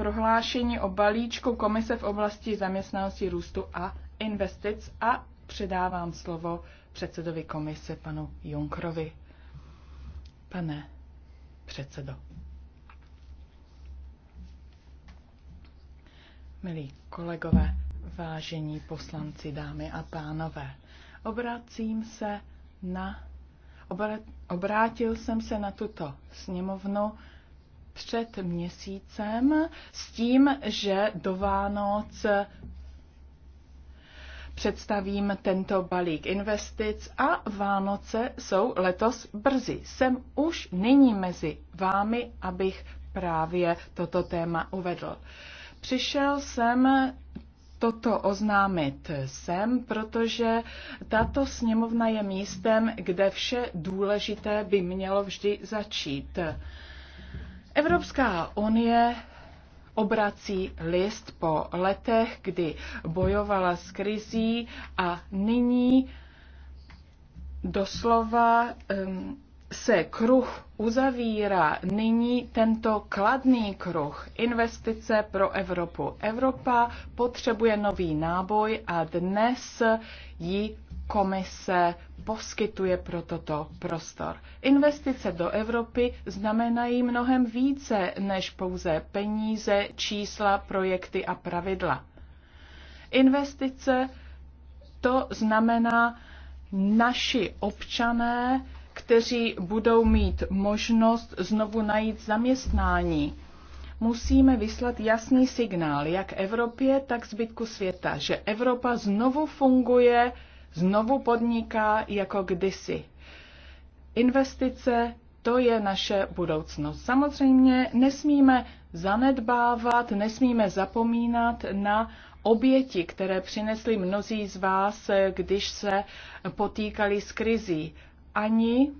prohlášení o balíčku Komise v oblasti zaměstnanosti růstu a investic a předávám slovo předsedovi komise panu Junkrovi. Pane předsedo. Milí kolegové, vážení poslanci, dámy a pánové, obracím se na, obrat, obrátil jsem se na tuto sněmovnu před měsícem s tím, že do Vánoc představím tento balík investic a Vánoce jsou letos brzy. Jsem už nyní mezi vámi, abych právě toto téma uvedl. Přišel jsem toto oznámit sem, protože tato sněmovna je místem, kde vše důležité by mělo vždy začít. Evropská unie obrací list po letech, kdy bojovala s krizí a nyní doslova um, se kruh uzavírá. Nyní tento kladný kruh investice pro Evropu. Evropa potřebuje nový náboj a dnes ji komise poskytuje pro toto prostor. Investice do Evropy znamenají mnohem více než pouze peníze, čísla, projekty a pravidla. Investice to znamená naši občané, kteří budou mít možnost znovu najít zaměstnání. Musíme vyslat jasný signál jak Evropě, tak zbytku světa, že Evropa znovu funguje znovu podniká jako kdysi. Investice to je naše budoucnost. Samozřejmě nesmíme zanedbávat, nesmíme zapomínat na oběti, které přinesli mnozí z vás, když se potýkali s krizí. Ani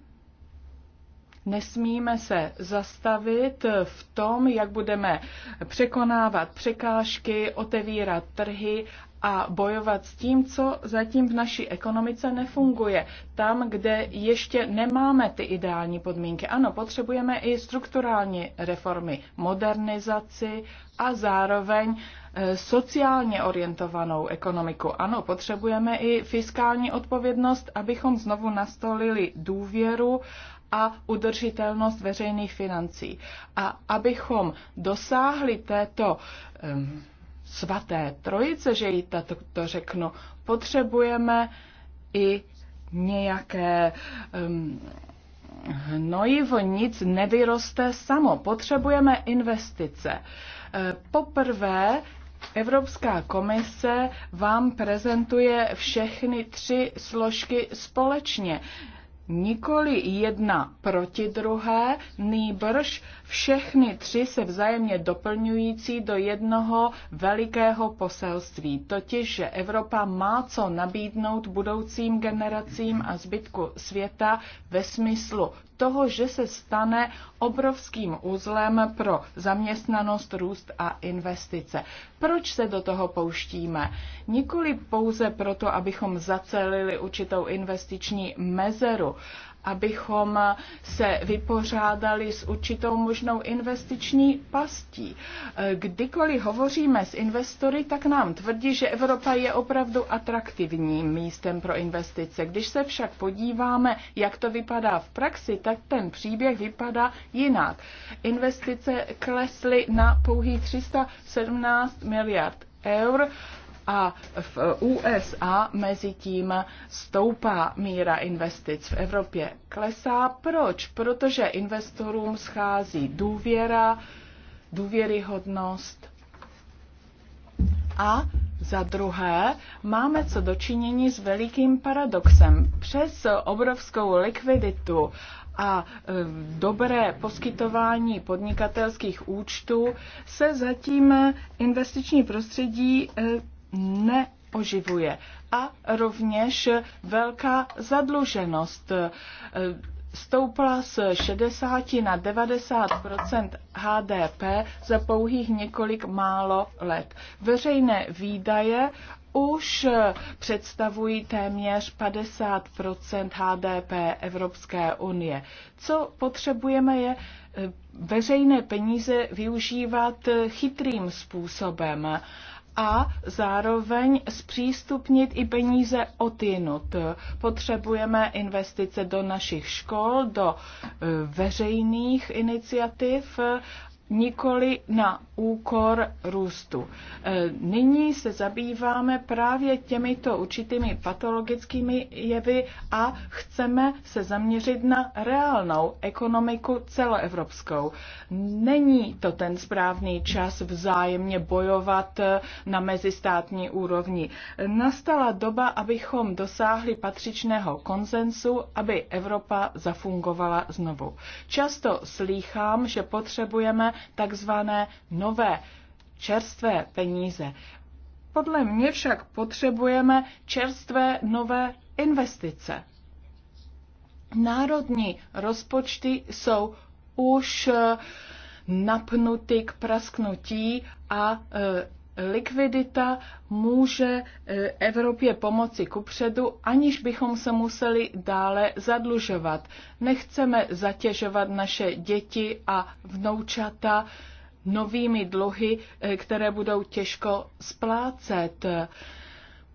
nesmíme se zastavit v tom, jak budeme překonávat překážky, otevírat trhy a bojovat s tím, co zatím v naší ekonomice nefunguje. Tam, kde ještě nemáme ty ideální podmínky. Ano, potřebujeme i strukturální reformy, modernizaci a zároveň e, sociálně orientovanou ekonomiku. Ano, potřebujeme i fiskální odpovědnost, abychom znovu nastolili důvěru a udržitelnost veřejných financí. A abychom dosáhli této um, svaté trojice, že jí to, to řeknu, potřebujeme i nějaké um, hnojivo, nic nevyroste samo. Potřebujeme investice. E, poprvé Evropská komise vám prezentuje všechny tři složky společně nikoli jedna proti druhé, nýbrž všechny tři se vzájemně doplňující do jednoho velikého poselství, totiž, že Evropa má co nabídnout budoucím generacím a zbytku světa ve smyslu toho, že se stane obrovským uzlem pro zaměstnanost, růst a investice. Proč se do toho pouštíme? Nikoli pouze proto, abychom zacelili určitou investiční mezeru, abychom se vypořádali s určitou možnou investiční pastí. Eh, kdykoliv hovoříme s investory, tak nám tvrdí, že Evropa je opravdu atraktivním místem pro investice. Když se však podíváme, jak to vypadá v praxi, tak ten příběh vypadá jinak. Investice klesly na pouhých 317 miliard eur a v USA mezi tím stoupá míra investic, v Evropě klesá. Proč? Protože investorům schází důvěra, důvěryhodnost a za druhé, máme co dočinění s velikým paradoxem. Přes obrovskou likviditu a e, dobré poskytování podnikatelských účtů se zatím investiční prostředí e, neoživuje. A rovněž velká zadluženost eh, stoupla z 60 na 90 HDP za pouhých několik málo let. Veřejné výdaje už eh, představují téměř 50 HDP Evropské unie. Co potřebujeme je eh, veřejné peníze využívat chytrým způsobem a zároveň zpřístupnit i peníze jinut. Potřebujeme investice do našich škol, do e, veřejných iniciativ nikoli na úkor růstu. E, nyní se zabýváme právě těmito určitými patologickými jevy a chceme se zaměřit na reálnou ekonomiku celoevropskou. Není to ten správný čas vzájemně bojovat na mezistátní úrovni. Nastala doba, abychom dosáhli patřičného konsensu, aby Evropa zafungovala znovu. Často slýchám, že potřebujeme takzvané nové čerstvé peníze. Podle mě však potřebujeme čerstvé nové investice. Národní rozpočty jsou už eh, napnuty k prasknutí a eh, likvidita může eh, Evropě pomoci kupředu, aniž bychom se museli dále zadlužovat. Nechceme zatěžovat naše děti a vnoučata novými dluhy, eh, které budou těžko splácet.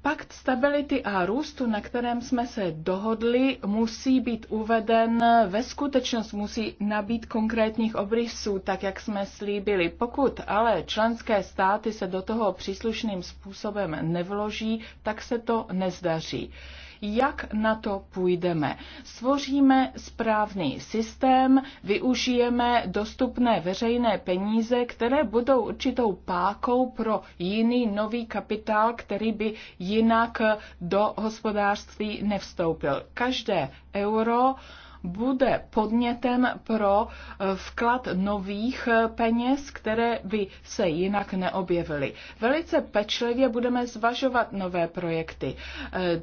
Pakt stability a růstu, na kterém jsme se dohodli, musí být uveden ve skutečnost, musí nabít konkrétních obrysů, tak jak jsme slíbili. Pokud ale členské státy se do toho příslušným způsobem nevloží, tak se to nezdaří jak na to půjdeme. Svoříme správný systém, využijeme dostupné veřejné peníze, které budou určitou pákou pro jiný nový kapitál, který by jinak do hospodářství nevstoupil. Každé euro bude podnětem pro eh, vklad nových eh, peněz, které by se jinak neobjevily. Velice pečlivě budeme zvažovat nové projekty. Eh,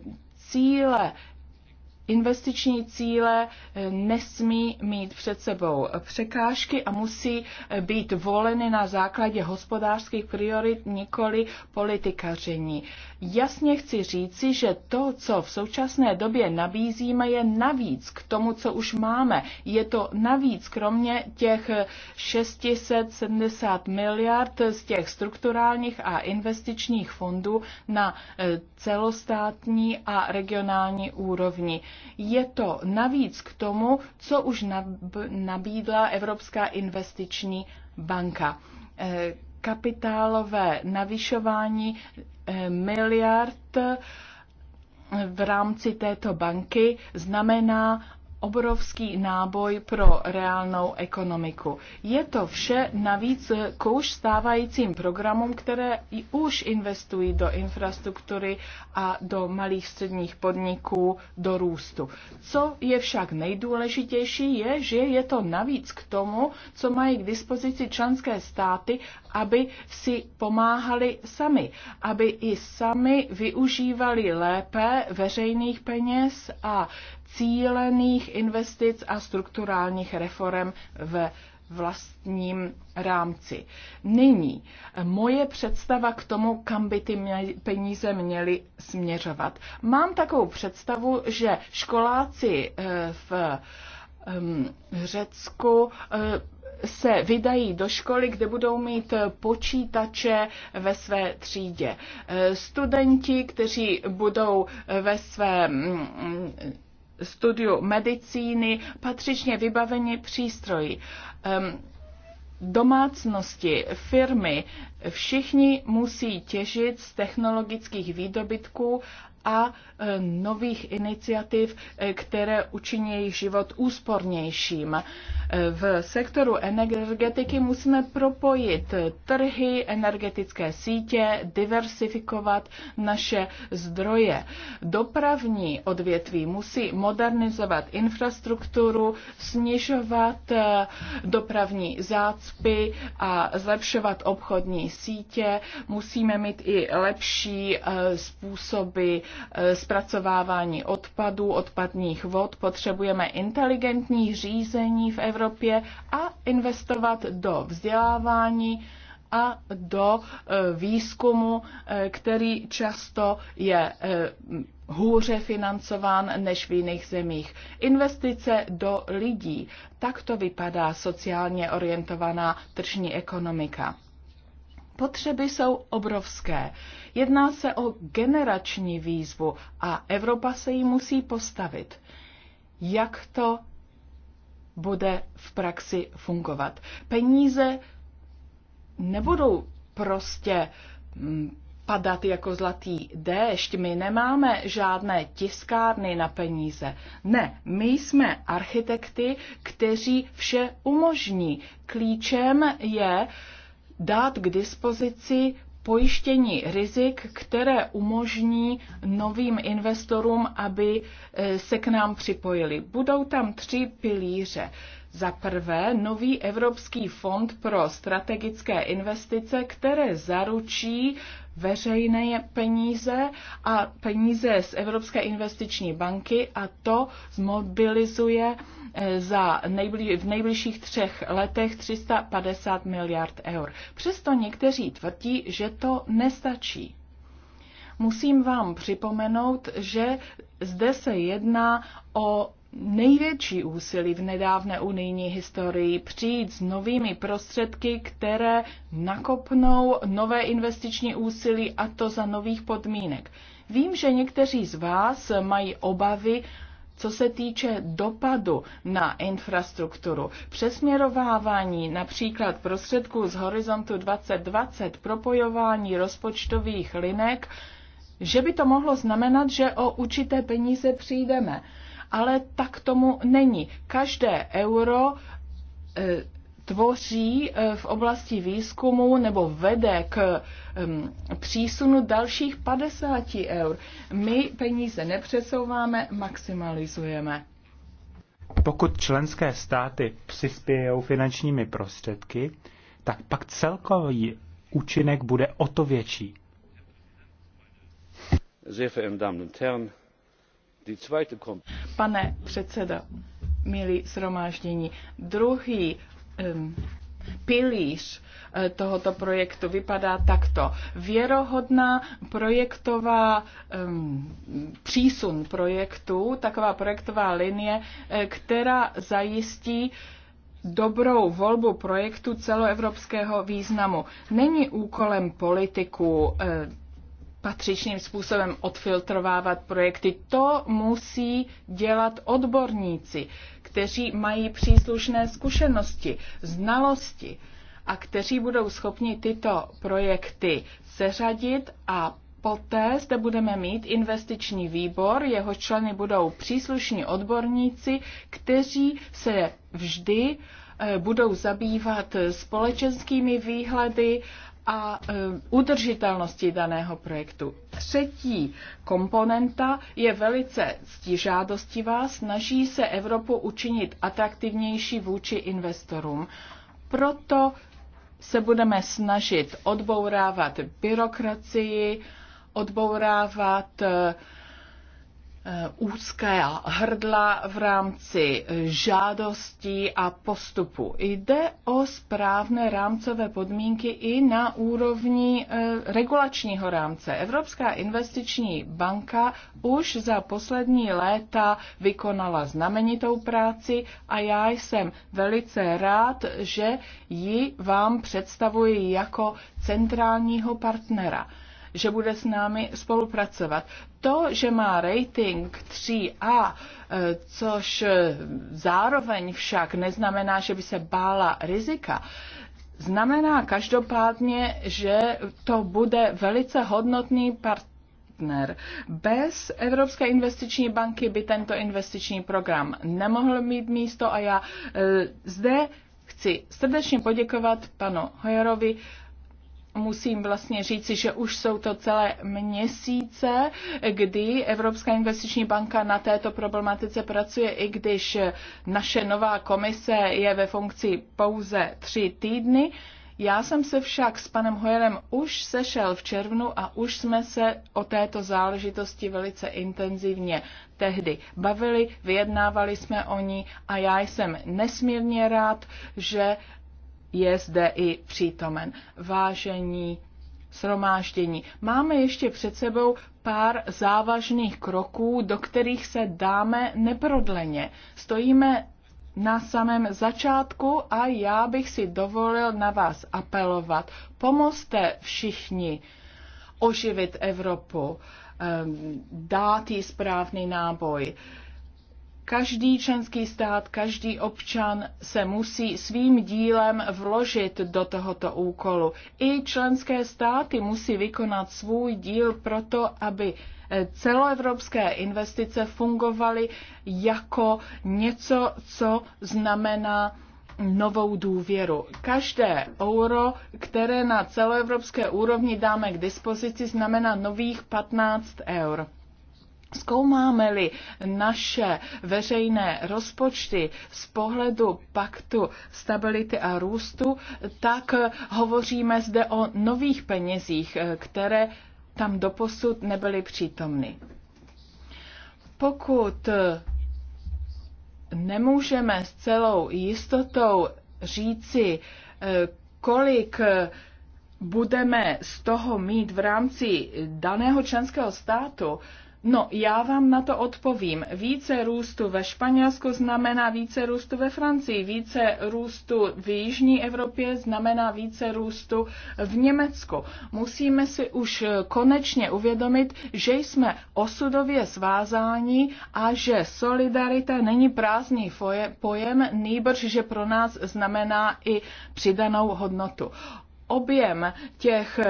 cíle, investiční cíle eh, nesmí mít před sebou překážky a musí eh, být voleny na základě hospodářských priorit, nikoli politikaření. Jasně chci říci, že to, co v současné době nabízíme, je navíc k tomu, co už máme. Je to navíc kromě těch 670 miliard z těch strukturálních a investičních fondů na eh, celostátní a regionální úrovni. Je to navíc k tomu, co už nabídla Evropská investiční banka eh, kapitálové navyšování eh, miliard eh, v rámci této banky znamená obrovský náboj pro reálnou ekonomiku. Je to vše navíc k už stávajícím programům, které už investují do infrastruktury a do malých středních podniků, do růstu. Co je však nejdůležitější, je, že je to navíc k tomu, co mají k dispozici členské státy, aby si pomáhali sami, aby i sami využívali lépe veřejných peněz a cílených investic a strukturálních reform ve vlastním rámci. Nyní moje představa k tomu, kam by ty peníze měly směřovat. Mám takovou představu, že školáci eh, v ehm, Řecku eh, se vydají do školy, kde budou mít počítače ve své třídě. Eh, studenti, kteří budou ve svém mm, studiu medicíny patřičně vybaveni přístroji. Domácnosti, firmy, všichni musí těžit z technologických výdobytků a e, nových iniciativ, e, které učiní jejich život úspornějším. E, v sektoru energetiky musíme propojit trhy, energetické sítě, diversifikovat naše zdroje. Dopravní odvětví musí modernizovat infrastrukturu, snižovat dopravní zácpy a zlepšovat obchodní sítě. Musíme mít i lepší způsoby Eh, zpracovávání odpadů, odpadních vod. Potřebujeme inteligentní řízení v Evropě a investovat do vzdělávání a do eh, výzkumu, eh, který často je hůře financován než v jiných zemích. Investice do lidí. Tak to vypadá sociálně orientovaná tržní ekonomika potřeby jsou obrovské. Jedná se o generační výzvu a Evropa se jí musí postavit. Jak to bude v praxi fungovat? Peníze nebudou prostě mm, padat jako zlatý déšť. My nemáme žádné tiskárny na peníze. Ne, my jsme architekty, kteří vše umožní. Klíčem je uh, dát k dispozici pojištění rizik, které umožní novým investorům, aby eh, se k nám připojili. Budou tam tři pilíře. Za prvé, nový Evropský fond pro strategické investice, které zaručí veřejné peníze a peníze z Evropské investiční banky a to zmobilizuje eh, za nejbliž, v nejbližších třech letech 350 miliard eur. Přesto někteří tvrdí, že to nestačí. Musím vám připomenout, že zde se jedná o největší úsilí v nedávné unijní historii přijít s novými prostředky, které nakopnou nové investiční úsilí a to za nových podmínek. Vím, že někteří z vás mají obavy, co se týče dopadu na infrastrukturu, přesměrovávání například prostředků z horizontu 2020, propojování rozpočtových linek, že by to mohlo znamenat, že o určité peníze přijdeme ale tak tomu není. Každé euro e, tvoří e, v oblasti výzkumu nebo vede k e, přísunu dalších 50 eur. My peníze nepřesouváme, maximalizujeme. Pokud členské státy přispějou finančními prostředky, tak pak celkový účinek bude o to větší. Sehr verehrten Damen und Herren, Pane předsedo, milí shromáždění, druhý um, pilíř eh, tohoto projektu vypadá takto. Věrohodná projektová um, přísun projektu, taková projektová linie, eh, která zajistí dobrou volbu projektu celoevropského významu. Není úkolem politiků eh, patřičným způsobem odfiltrovávat projekty. To musí dělat odborníci, kteří mají příslušné zkušenosti, znalosti a kteří budou schopni tyto projekty seřadit a Poté zde budeme mít investiční výbor, jeho členy budou příslušní odborníci, kteří se vždy eh, budou zabývat společenskými výhledy, a e, udržitelnosti daného projektu. Třetí komponenta je velice stižádostivá, snaží se Evropu učinit atraktivnější vůči investorům. Proto se budeme snažit odbourávat byrokracii, odbourávat uh, Eh, úzké hrdla v rámci eh, žádostí a postupu. Jde o správné rámcové podmínky i na úrovni eh, regulačního rámce. Evropská investiční banka už za poslední léta vykonala znamenitou práci a já jsem velice rád, že ji vám představuji jako centrálního partnera že bude s námi spolupracovat. To, že má rating 3A, e, což e, zároveň však neznamená, že by se bála rizika, znamená každopádně, že to bude velice hodnotný partner Bez Evropské investiční banky by tento investiční program nemohl mít místo a já e, zde chci srdečně poděkovat panu Hojerovi musím vlastně říci, že už jsou to celé měsíce, kdy Evropská investiční banka na této problematice pracuje, i když naše nová komise je ve funkci pouze tři týdny. Já jsem se však s panem Hojerem už sešel v červnu a už jsme se o této záležitosti velice intenzivně tehdy bavili, vyjednávali jsme o ní a já jsem nesmírně rád, že je zde i přítomen. Vážení sromáždění. Máme ještě před sebou pár závažných kroků, do kterých se dáme neprodleně. Stojíme na samém začátku a já bych si dovolil na vás apelovat. Pomozte všichni oživit Evropu, ehm, dát jí správný náboj. Každý členský stát, každý občan se musí svým dílem vložit do tohoto úkolu. I členské státy musí vykonat svůj díl proto, aby eh, celoevropské investice fungovaly jako něco, co znamená novou důvěru. Každé euro, které na celoevropské úrovni dáme k dispozici, znamená nových 15 eur. Zkoumáme-li naše veřejné rozpočty z pohledu paktu stability a růstu, tak hovoříme zde o nových penězích, které tam doposud nebyly přítomny. Pokud nemůžeme s celou jistotou říci, kolik budeme z toho mít v rámci daného členského státu, No, já vám na to odpovím. Více růstu ve Španělsku znamená více růstu ve Francii, více růstu v Jižní Evropě znamená více růstu v Německu. Musíme si už konečně uvědomit, že jsme osudově svázáni a že solidarita není prázdný foje, pojem, nýbrž, že pro nás znamená i přidanou hodnotu objem těch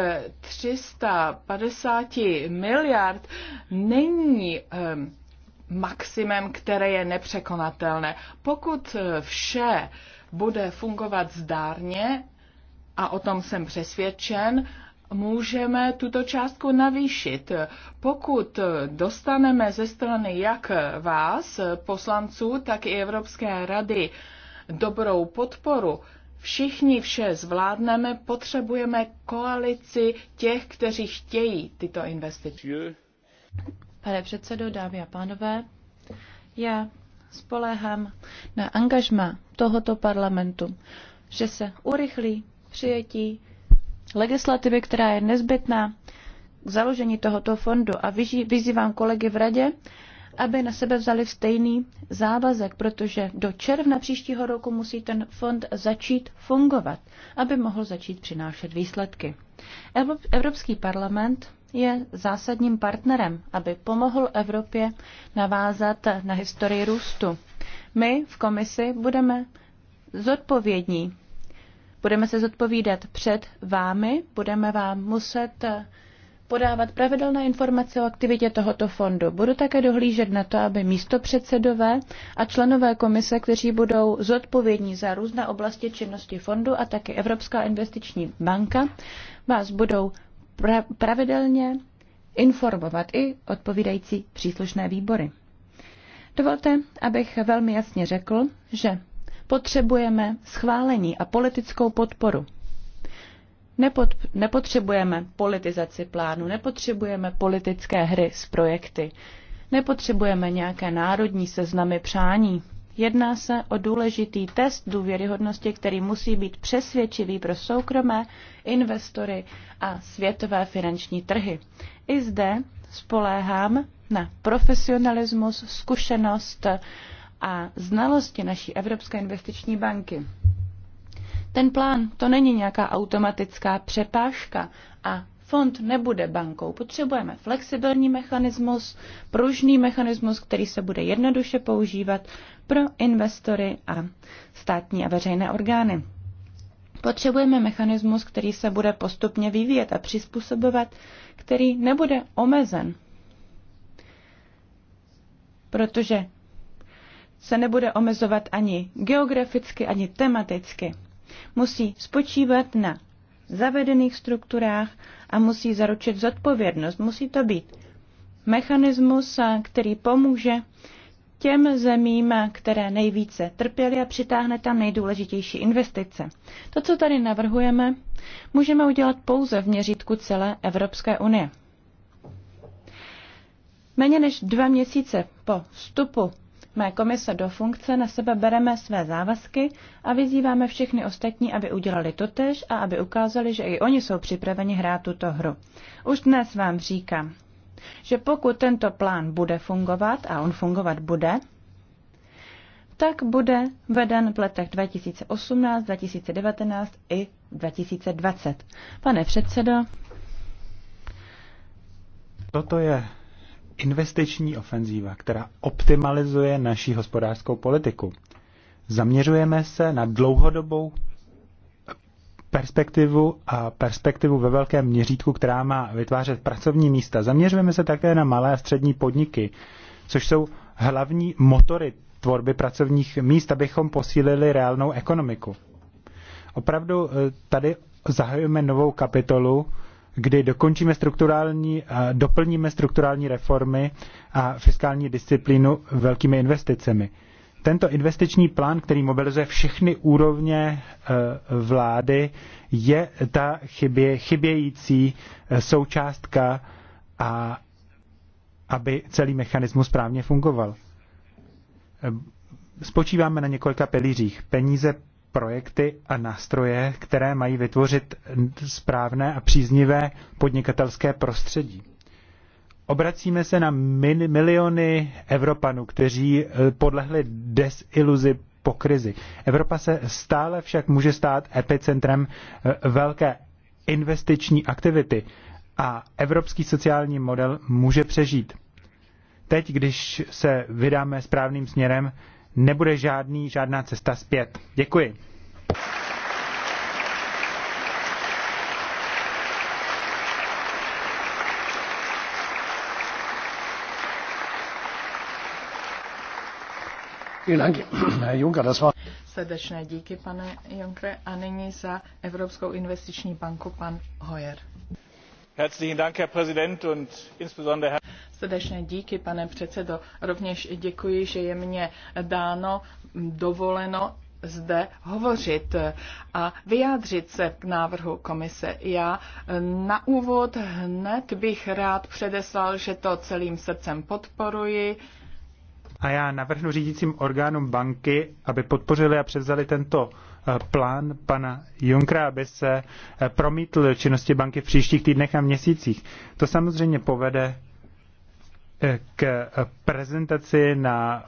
350 miliard není ehm, maximem, které je nepřekonatelné. Pokud eh, vše bude fungovat zdárně, a o tom jsem přesvědčen, můžeme tuto částku navýšit. Pokud eh, dostaneme ze strany jak vás, eh, poslanců, tak i Evropské rady dobrou podporu, všichni vše zvládneme, potřebujeme koalici těch, kteří chtějí tyto investice. Pane předsedo, dámy a pánové, já spoléhám na angažma tohoto parlamentu, že se urychlí přijetí legislativy, která je nezbytná k založení tohoto fondu a vyzývám kolegy v radě, aby na sebe vzali stejný závazek, protože do června příštího roku musí ten fond začít fungovat, aby mohl začít přinášet výsledky. Evropský parlament je zásadním partnerem, aby pomohl Evropě navázat na historii růstu. My v komisi budeme zodpovědní. Budeme se zodpovídat před vámi, budeme vám muset podávat pravidelné informace o aktivitě tohoto fondu. Budu také dohlížet na to, aby místo předsedové a členové komise, kteří budou zodpovědní za různé oblasti činnosti fondu a také Evropská investiční banka, vás budou pra- pravidelně informovat i odpovídající příslušné výbory. Dovolte, abych velmi jasně řekl, že potřebujeme schválení a politickou podporu Nepod, nepotřebujeme politizaci plánu, nepotřebujeme politické hry s projekty, nepotřebujeme nějaké národní seznamy přání. Jedná se o důležitý test důvěryhodnosti, který musí být přesvědčivý pro soukromé investory a světové finanční trhy. I zde spoléhám na profesionalismus, zkušenost a znalosti naší Evropské investiční banky. Ten plán to není nějaká automatická přepážka a fond nebude bankou. Potřebujeme flexibilní mechanismus, pružný mechanismus, který se bude jednoduše používat pro investory a státní a veřejné orgány. Potřebujeme mechanismus, který se bude postupně vyvíjet a přizpůsobovat, který nebude omezen. Protože se nebude omezovat ani geograficky, ani tematicky musí spočívat na zavedených strukturách a musí zaručit zodpovědnost. Musí to být mechanismus, který pomůže těm zemím, které nejvíce trpěly a přitáhne tam nejdůležitější investice. To, co tady navrhujeme, můžeme udělat pouze v měřítku celé Evropské unie. Méně než dva měsíce po vstupu mé komise do funkce na sebe bereme své závazky a vyzýváme všechny ostatní, aby udělali totež a aby ukázali, že i oni jsou připraveni hrát tuto hru. Už dnes vám říkám, že pokud tento plán bude fungovat, a on fungovat bude, tak bude veden v letech 2018, 2019 i 2020. Pane předsedo, toto je investiční ofenzíva, která optimalizuje naši hospodářskou politiku. Zaměřujeme se na dlouhodobou perspektivu a perspektivu ve velkém měřítku, která má vytvářet pracovní místa. Zaměřujeme se také na malé a střední podniky, což jsou hlavní motory tvorby pracovních míst, abychom posílili reálnou ekonomiku. Opravdu eh, tady zahajujeme novou kapitolu kdy dokončíme strukturální, eh, doplníme strukturální reformy a fiskální disciplínu velkými investicemi. Tento investiční plán, který mobilizuje všechny úrovně eh, vlády, je ta chybě, chybějící eh, součástka, a aby celý mechanismus správně fungoval. Spočíváme na několika pilířích. Peníze projekty a nástroje, které mají vytvořit správné a příznivé podnikatelské prostředí. Obracíme se na min, miliony Evropanů, kteří eh, podlehli desiluzi po krizi. Evropa se stále však může stát epicentrem eh, velké investiční aktivity a evropský sociální model může přežít. Teď, když se vydáme správným směrem, nebude žádný, žádná cesta zpět. Děkuji. Srdečné díky, pane Junkre. A nyní za Evropskou investiční banku pan Hoyer srdečné díky, pane předsedo. Rovněž děkuji, že je mně dáno dovoleno zde hovořit a vyjádřit se k návrhu komise. Já eh, na úvod hned bych rád předeslal, že to celým srdcem podporuji. A já navrhnu řídícím orgánům banky, aby podpořili a převzali tento Eh, plán pana Junkra, aby se eh, promítl do činnosti banky v příštích týdnech a měsících. To samozřejmě povede eh, k prezentaci na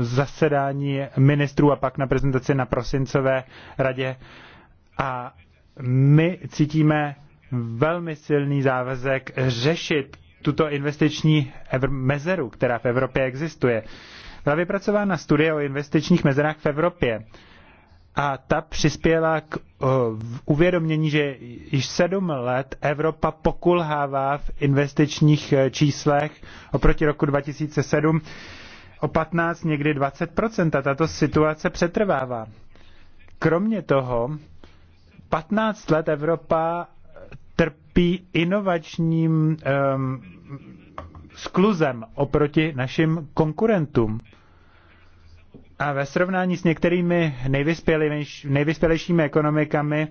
zasedání ministrů a pak na prezentaci na prosincové radě. A my cítíme velmi silný závazek řešit tuto investiční mezeru, která v Evropě existuje. Byla vypracována studie o investičních mezerách v Evropě a ta přispěla k uvědomění, že již sedm let Evropa pokulhává v investičních e, číslech oproti roku 2007 o 15, někdy 20 a tato situace přetrvává. Kromě toho, 15 let Evropa trpí inovačním um, skluzem oproti našim konkurentům. A ve srovnání s některými nejvyspělejšími ekonomikami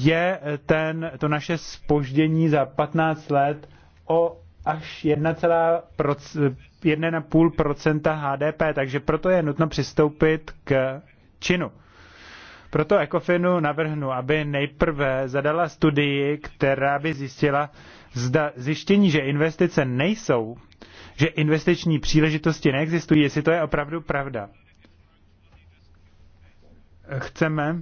je ten, to naše spoždění za 15 let o až 1,5 HDP, takže proto je nutno přistoupit k činu. Proto Ecofinu navrhnu, aby nejprve zadala studii, která by zjistila, zda zjištění, že investice nejsou že investiční příležitosti neexistují, jestli to je opravdu pravda. Chceme,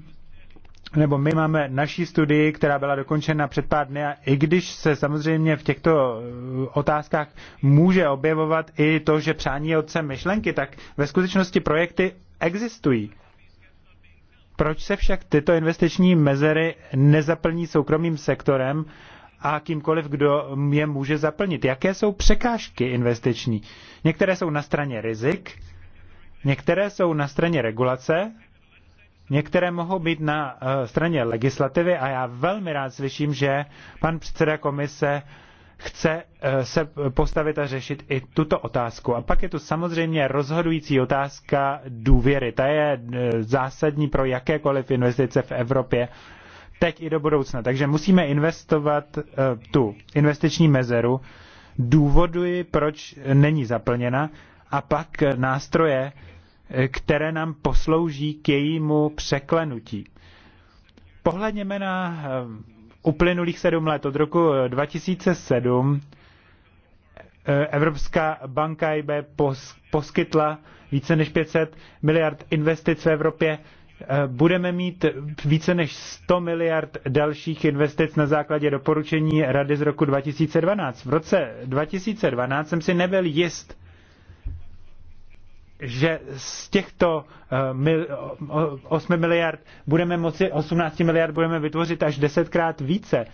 nebo my máme naší studii, která byla dokončena před pár dny a i když se samozřejmě v těchto eh, otázkách může objevovat i to, že přání je otcem myšlenky, tak ve skutečnosti projekty existují. Proč se však tyto investiční mezery nezaplní soukromým sektorem a kýmkoliv, kdo je může zaplnit. Jaké jsou překážky investiční? Některé jsou na straně rizik, některé jsou na straně regulace, Některé mohou být na eh, straně legislativy a já velmi rád slyším, že pan předseda komise chce eh, se postavit a řešit i tuto otázku. A pak je tu samozřejmě rozhodující otázka důvěry. Ta je eh, zásadní pro jakékoliv investice v Evropě teď i do budoucna. Takže musíme investovat eh, tu investiční mezeru, důvody, proč není zaplněna, a pak nástroje, eh, které nám poslouží k jejímu překlenutí. Pohledněme na eh, uplynulých sedm let. Od roku 2007 Evropská banka IB poskytla více než 500 miliard investic v Evropě Eh, budeme mít více než 100 miliard dalších investic na základě doporučení Rady z roku 2012. V roce 2012 jsem si nebyl jist, že z těchto 8 eh, miliard budeme moci, 18 miliard budeme vytvořit až desetkrát více.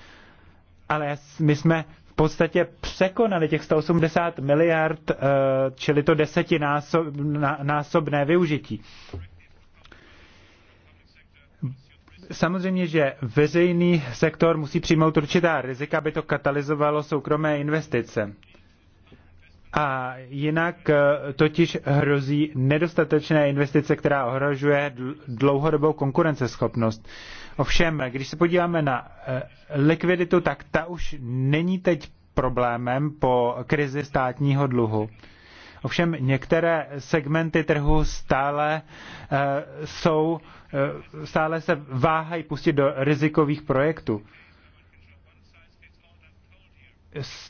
Ale my jsme v podstatě překonali těch 180 miliard, eh, čili to desetinásobné využití. Samozřejmě, že veřejný sektor musí přijmout určitá rizika, aby to katalyzovalo soukromé investice. A jinak e, totiž hrozí nedostatečné investice, která ohrožuje dlouhodobou konkurenceschopnost. Ovšem, když se podíváme na e, likviditu, tak ta už není teď problémem po krizi státního dluhu. Ovšem některé segmenty trhu stále eh, jsou, eh, stále se váhají pustit do rizikových projektů.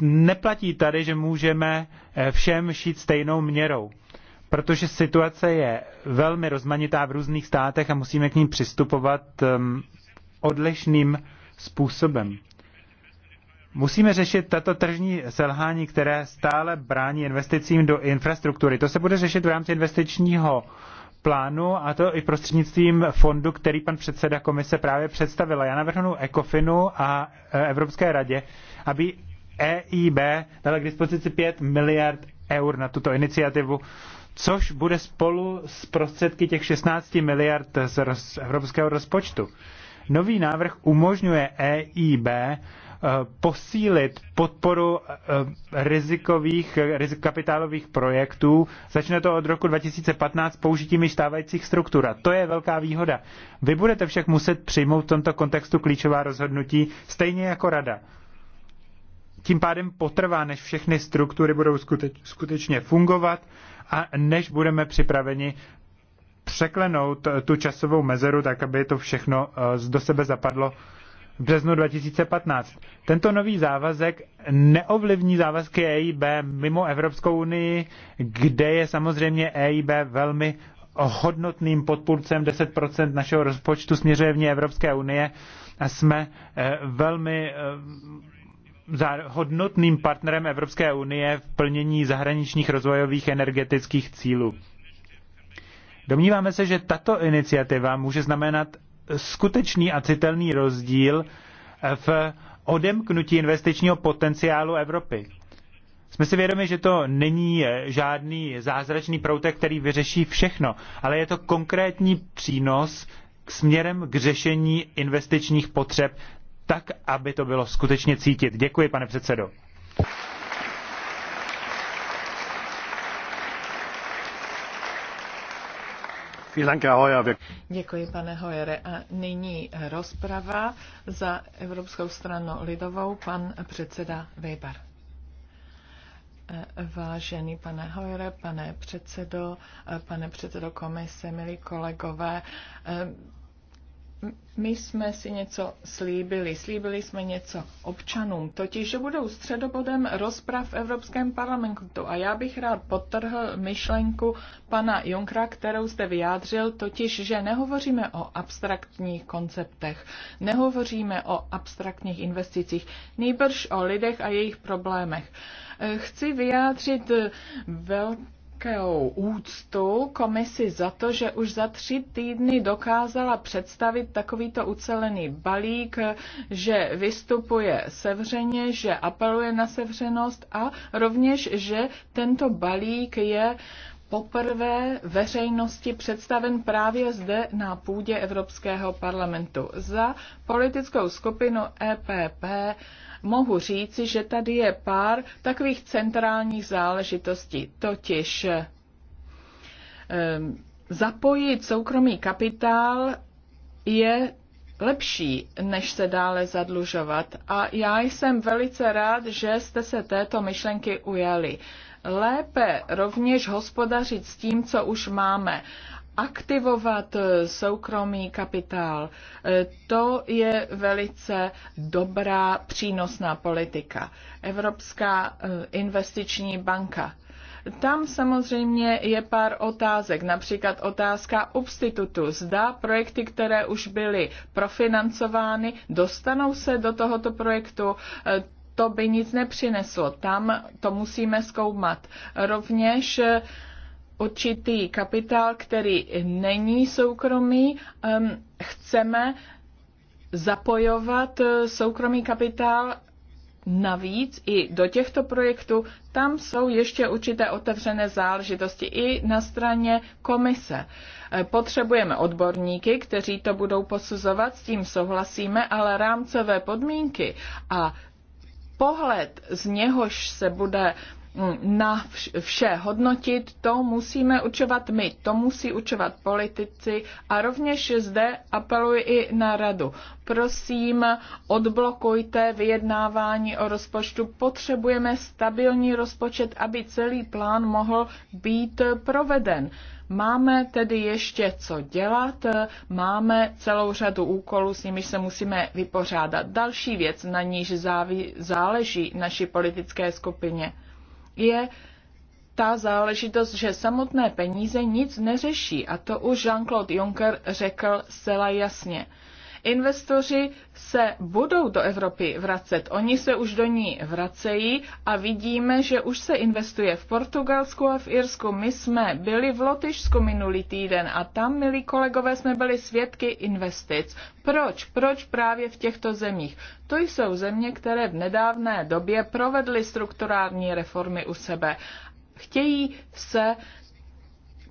Neplatí tady, že můžeme eh, všem šít stejnou měrou protože situace je velmi rozmanitá v různých státech a musíme k ní přistupovat um, odlišným způsobem. Musíme řešit tato tržní selhání, které stále brání investicím do infrastruktury. To se bude řešit v rámci investičního plánu a to i prostřednictvím fondu, který pan předseda komise právě představila. Já navrhnu ECOFINu a e, Evropské radě, aby EIB dala k dispozici 5 miliard eur na tuto iniciativu, což bude spolu s prostředky těch 16 miliard z evropského rozpočtu. Nový návrh umožňuje EIB Eh, posílit podporu eh, rizikových, rizik kapitálových projektů. Začne to od roku 2015 použitím již stávajících struktur. A to je velká výhoda. Vy budete však muset přijmout v tomto kontextu klíčová rozhodnutí, stejně jako rada. Tím pádem potrvá, než všechny struktury budou skutečně fungovat a než budeme připraveni překlenout tu časovou mezeru, tak aby to všechno eh, do sebe zapadlo v březnu 2015. Tento nový závazek neovlivní závazky EIB mimo Evropskou unii, kde je samozřejmě EIB velmi hodnotným podpůrcem 10% našeho rozpočtu směřuje vně Evropské unie a jsme eh, velmi eh, hodnotným partnerem Evropské unie v plnění zahraničních rozvojových energetických cílů. Domníváme se, že tato iniciativa může znamenat skutečný a citelný rozdíl v odemknutí investičního potenciálu Evropy. Jsme si vědomi, že to není žádný zázračný proutek, který vyřeší všechno, ale je to konkrétní přínos k směrem k řešení investičních potřeb tak, aby to bylo skutečně cítit. Děkuji, pane předsedo. Děkuji, pane Hojere. A nyní rozprava za Evropskou stranu lidovou, pan předseda Weber. Eh, vážený pane Hojere, pane předsedo, eh, pane předsedo komise, milí kolegové, eh, my jsme si něco slíbili. Slíbili jsme něco občanům, totiž, že budou středobodem rozprav v Evropském parlamentu. A já bych rád potrhl myšlenku pana Junkra, kterou jste vyjádřil, totiž, že nehovoříme o abstraktních konceptech, nehovoříme o abstraktních investicích, nejbrž o lidech a jejich problémech. Eh, chci vyjádřit eh, velký velkou úctu komisi za to, že už za tři týdny dokázala představit takovýto ucelený balík, že vystupuje sevřeně, že apeluje na sevřenost a rovněž, že tento balík je poprvé veřejnosti představen právě zde na půdě Evropského parlamentu. Za politickou skupinu EPP mohu říci, že tady je pár takových centrálních záležitostí, totiž ehm, zapojit soukromý kapitál je lepší, než se dále zadlužovat. A já jsem velice rád, že jste se této myšlenky ujali lépe rovněž hospodařit s tím, co už máme aktivovat eh, soukromý kapitál. Eh, to je velice dobrá přínosná politika. Evropská eh, investiční banka. Tam samozřejmě je pár otázek, například otázka obstitutu. Zda projekty, které už byly profinancovány, dostanou se do tohoto projektu to by nic nepřineslo. Tam to musíme zkoumat. Rovněž eh, určitý kapitál, který není soukromý, ehm, chceme zapojovat eh, soukromý kapitál Navíc i do těchto projektů tam jsou ještě určité otevřené záležitosti i na straně komise. Eh, potřebujeme odborníky, kteří to budou posuzovat, s tím souhlasíme, ale rámcové podmínky a pohled, z něhož se bude mm, na vše hodnotit, to musíme učovat my, to musí učovat politici a rovněž zde apeluji i na radu. Prosím, odblokujte vyjednávání o rozpočtu. Potřebujeme stabilní rozpočet, aby celý plán mohl být proveden. Máme tedy ještě co dělat, máme celou řadu úkolů, s nimiž se musíme vypořádat. Další věc, na níž závi- záleží naší politické skupině, je ta záležitost, že samotné peníze nic neřeší. A to už Jean-Claude Juncker řekl zcela jasně. Investoři se budou do Evropy vracet. Oni se už do ní vracejí a vidíme, že už se investuje v Portugalsku a v Irsku. My jsme byli v Lotyšsku minulý týden a tam, milí kolegové, jsme byli svědky investic. Proč? Proč právě v těchto zemích? To jsou země, které v nedávné době provedly strukturální reformy u sebe. Chtějí se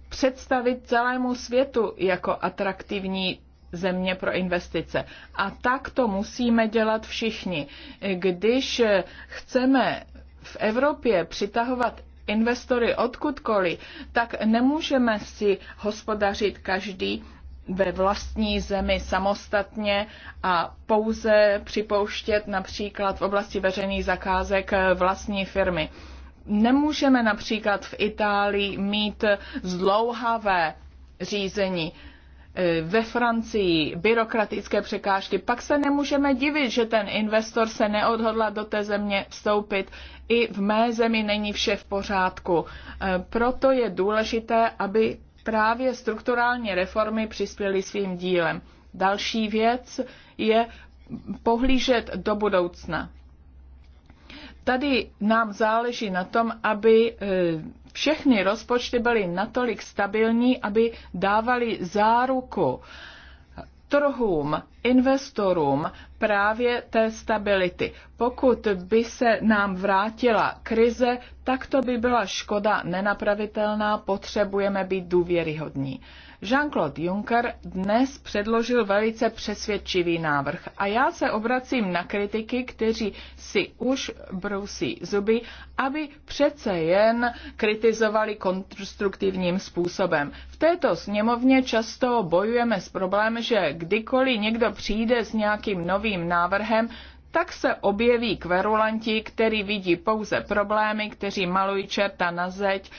představit celému světu jako atraktivní země pro investice. A tak to musíme dělat všichni. Když chceme v Evropě přitahovat investory odkudkoliv, tak nemůžeme si hospodařit každý ve vlastní zemi samostatně a pouze připouštět například v oblasti veřejných zakázek vlastní firmy. Nemůžeme například v Itálii mít zdlouhavé řízení. Eh, ve Francii byrokratické překážky, pak se nemůžeme divit, že ten investor se neodhodla do té země vstoupit. I v mé zemi není vše v pořádku. Eh, proto je důležité, aby právě strukturální reformy přispěly svým dílem. Další věc je pohlížet do budoucna. Tady nám záleží na tom, aby eh, všechny rozpočty byly natolik stabilní, aby dávali záruku trhům, investorům právě té stability. Pokud by se nám vrátila krize, tak to by byla škoda nenapravitelná, potřebujeme být důvěryhodní. Jean-Claude Juncker dnes předložil velice přesvědčivý návrh a já se obracím na kritiky, kteří si už brousí zuby, aby přece jen kritizovali konstruktivním způsobem. V této sněmovně často bojujeme s problémem, že kdykoliv někdo přijde s nějakým novým návrhem, tak se objeví kverulanti, který vidí pouze problémy, kteří malují čerta na zeď,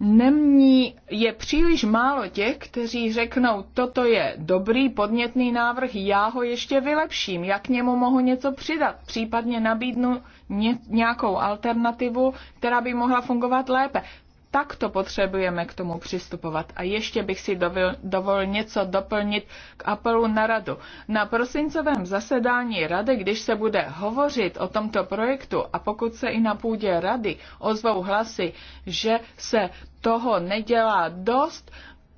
nemní, je příliš málo těch, kteří řeknou, toto je dobrý podnětný návrh, já ho ještě vylepším, Jak k němu mohu něco přidat, případně nabídnu ně, nějakou alternativu, která by mohla fungovat lépe tak to potřebujeme k tomu přistupovat. A ještě bych si dovol, dovolil něco doplnit k apelu na radu. Na prosincovém zasedání rady, když se bude hovořit o tomto projektu a pokud se i na půdě rady ozvou hlasy, že se toho nedělá dost,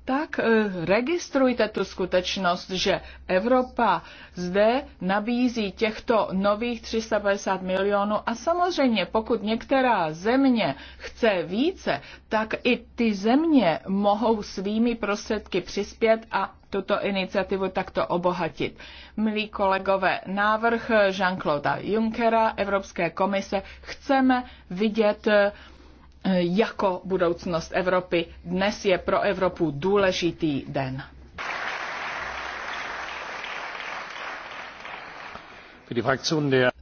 tak eh, registrujte tu skutečnost, že Evropa zde nabízí těchto nových 350 milionů a samozřejmě pokud některá země chce více, tak i ty země mohou svými prostředky přispět a tuto iniciativu takto obohatit. Milí kolegové, návrh Jean-Claude Junckera Evropské komise chceme vidět eh, Eh, jako budoucnost Evropy. Dnes je pro Evropu důležitý den.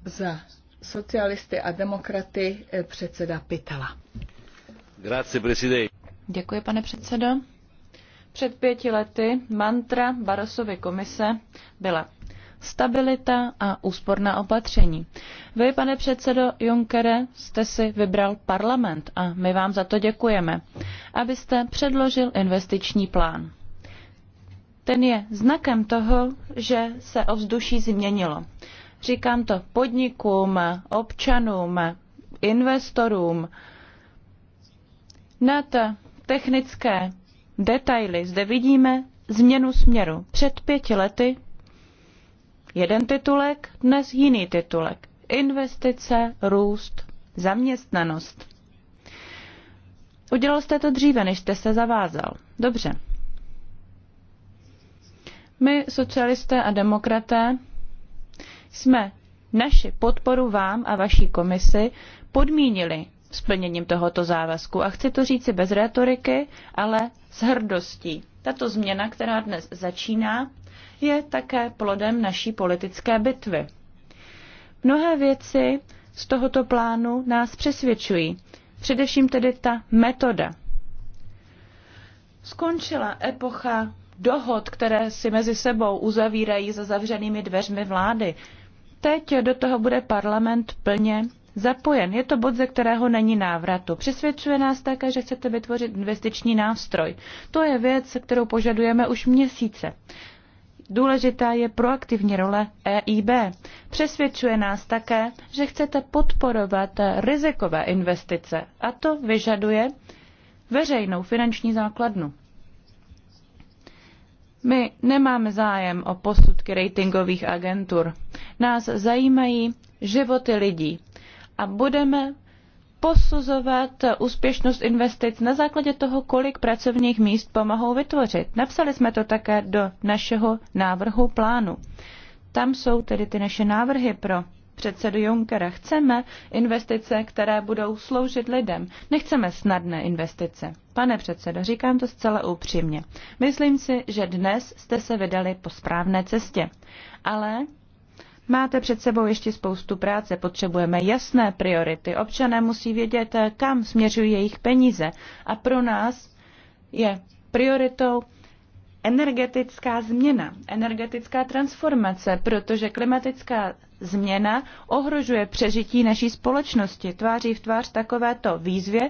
Za socialisty a demokraty eh, předseda Pitala. Děkuji, pane předsedo. Před pěti lety mantra Barosovy komise byla stabilita a úsporná opatření. Vy, pane předsedo Junckere, jste si vybral parlament a my vám za to děkujeme, abyste předložil investiční plán. Ten je znakem toho, že se ovzduší změnilo. Říkám to podnikům, občanům, investorům. Na to technické detaily zde vidíme změnu směru. Před pěti lety jeden titulek, dnes jiný titulek. Investice, růst, zaměstnanost. Udělal jste to dříve, než jste se zavázal. Dobře. My, socialisté a demokraté, jsme naši podporu vám a vaší komisi podmínili splněním tohoto závazku. A chci to říci bez rétoriky, ale s hrdostí. Tato změna, která dnes začíná, je také plodem naší politické bitvy. Mnohé věci z tohoto plánu nás přesvědčují, především tedy ta metoda. Skončila epocha dohod, které si mezi sebou uzavírají za zavřenými dveřmi vlády. Teď do toho bude parlament plně zapojen. Je to bod, ze kterého není návratu. Přesvědčuje nás také, že chcete vytvořit investiční nástroj. To je věc, kterou požadujeme už měsíce. Důležitá je proaktivní role EIB. Přesvědčuje nás také, že chcete podporovat rizikové investice a to vyžaduje veřejnou finanční základnu. My nemáme zájem o posudky ratingových agentur. Nás zajímají životy lidí a budeme posuzovat úspěšnost investic na základě toho, kolik pracovních míst pomohou vytvořit. Napsali jsme to také do našeho návrhu plánu. Tam jsou tedy ty naše návrhy pro předsedu Junckera. Chceme investice, které budou sloužit lidem. Nechceme snadné investice. Pane předsedo, říkám to zcela upřímně. Myslím si, že dnes jste se vydali po správné cestě. Ale Máte před sebou ještě spoustu práce, potřebujeme jasné priority. Občané musí vědět, kam směřují jejich peníze. A pro nás je prioritou energetická změna, energetická transformace, protože klimatická změna ohrožuje přežití naší společnosti tváří v tvář takovéto výzvě,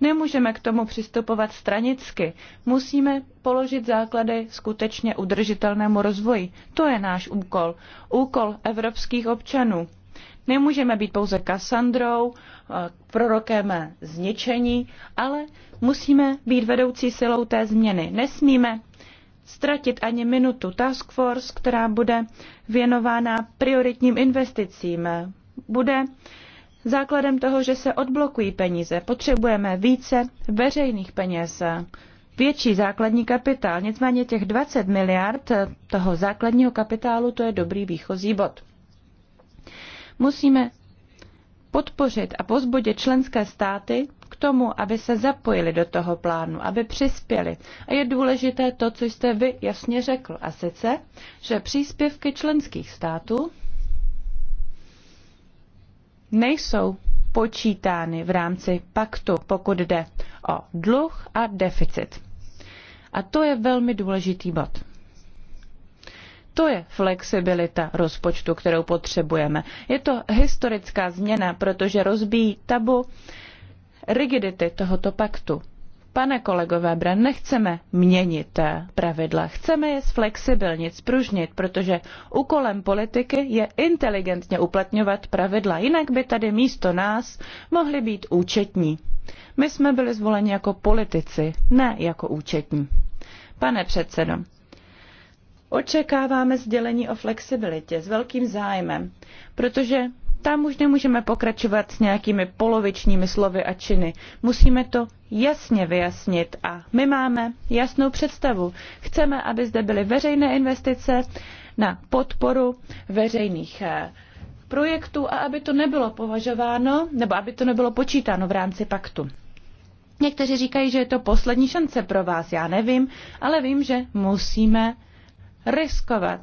Nemůžeme k tomu přistupovat stranicky. Musíme položit základy skutečně udržitelnému rozvoji. To je náš úkol. Úkol evropských občanů. Nemůžeme být pouze Kassandrou, eh, prorokem zničení, ale musíme být vedoucí silou té změny. Nesmíme ztratit ani minutu task force, která bude věnována prioritním investicím. Bude základem toho, že se odblokují peníze. Potřebujeme více veřejných peněz, větší základní kapitál. Nicméně těch 20 miliard toho základního kapitálu, to je dobrý výchozí bod. Musíme podpořit a pozbudit členské státy k tomu, aby se zapojili do toho plánu, aby přispěli. A je důležité to, co jste vy jasně řekl, a sice, že příspěvky členských států nejsou počítány v rámci paktu, pokud jde o dluh a deficit. A to je velmi důležitý bod. To je flexibilita rozpočtu, kterou potřebujeme. Je to historická změna, protože rozbíjí tabu rigidity tohoto paktu. Pane kolego Webre, nechceme měnit eh, pravidla, chceme je zflexibilnit, spružnit, protože úkolem politiky je inteligentně uplatňovat pravidla, jinak by tady místo nás mohli být účetní. My jsme byli zvoleni jako politici, ne jako účetní. Pane předsedo, očekáváme sdělení o flexibilitě s velkým zájmem, protože tam už nemůžeme pokračovat s nějakými polovičními slovy a činy. Musíme to jasně vyjasnit a my máme jasnou představu. Chceme, aby zde byly veřejné investice na podporu veřejných eh, projektů a aby to nebylo považováno, nebo aby to nebylo počítáno v rámci paktu. Někteří říkají, že je to poslední šance pro vás, já nevím, ale vím, že musíme riskovat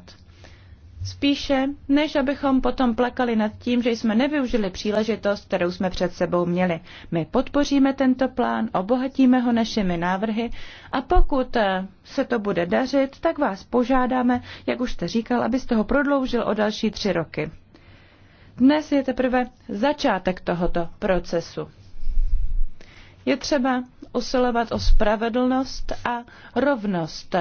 spíše než abychom potom plakali nad tím, že jsme nevyužili příležitost, kterou jsme před sebou měli. My podpoříme tento plán, obohatíme ho našimi návrhy a pokud eh, se to bude dařit, tak vás požádáme, jak už jste říkal, abyste ho prodloužil o další tři roky. Dnes je teprve začátek tohoto procesu. Je třeba usilovat o spravedlnost a rovnost.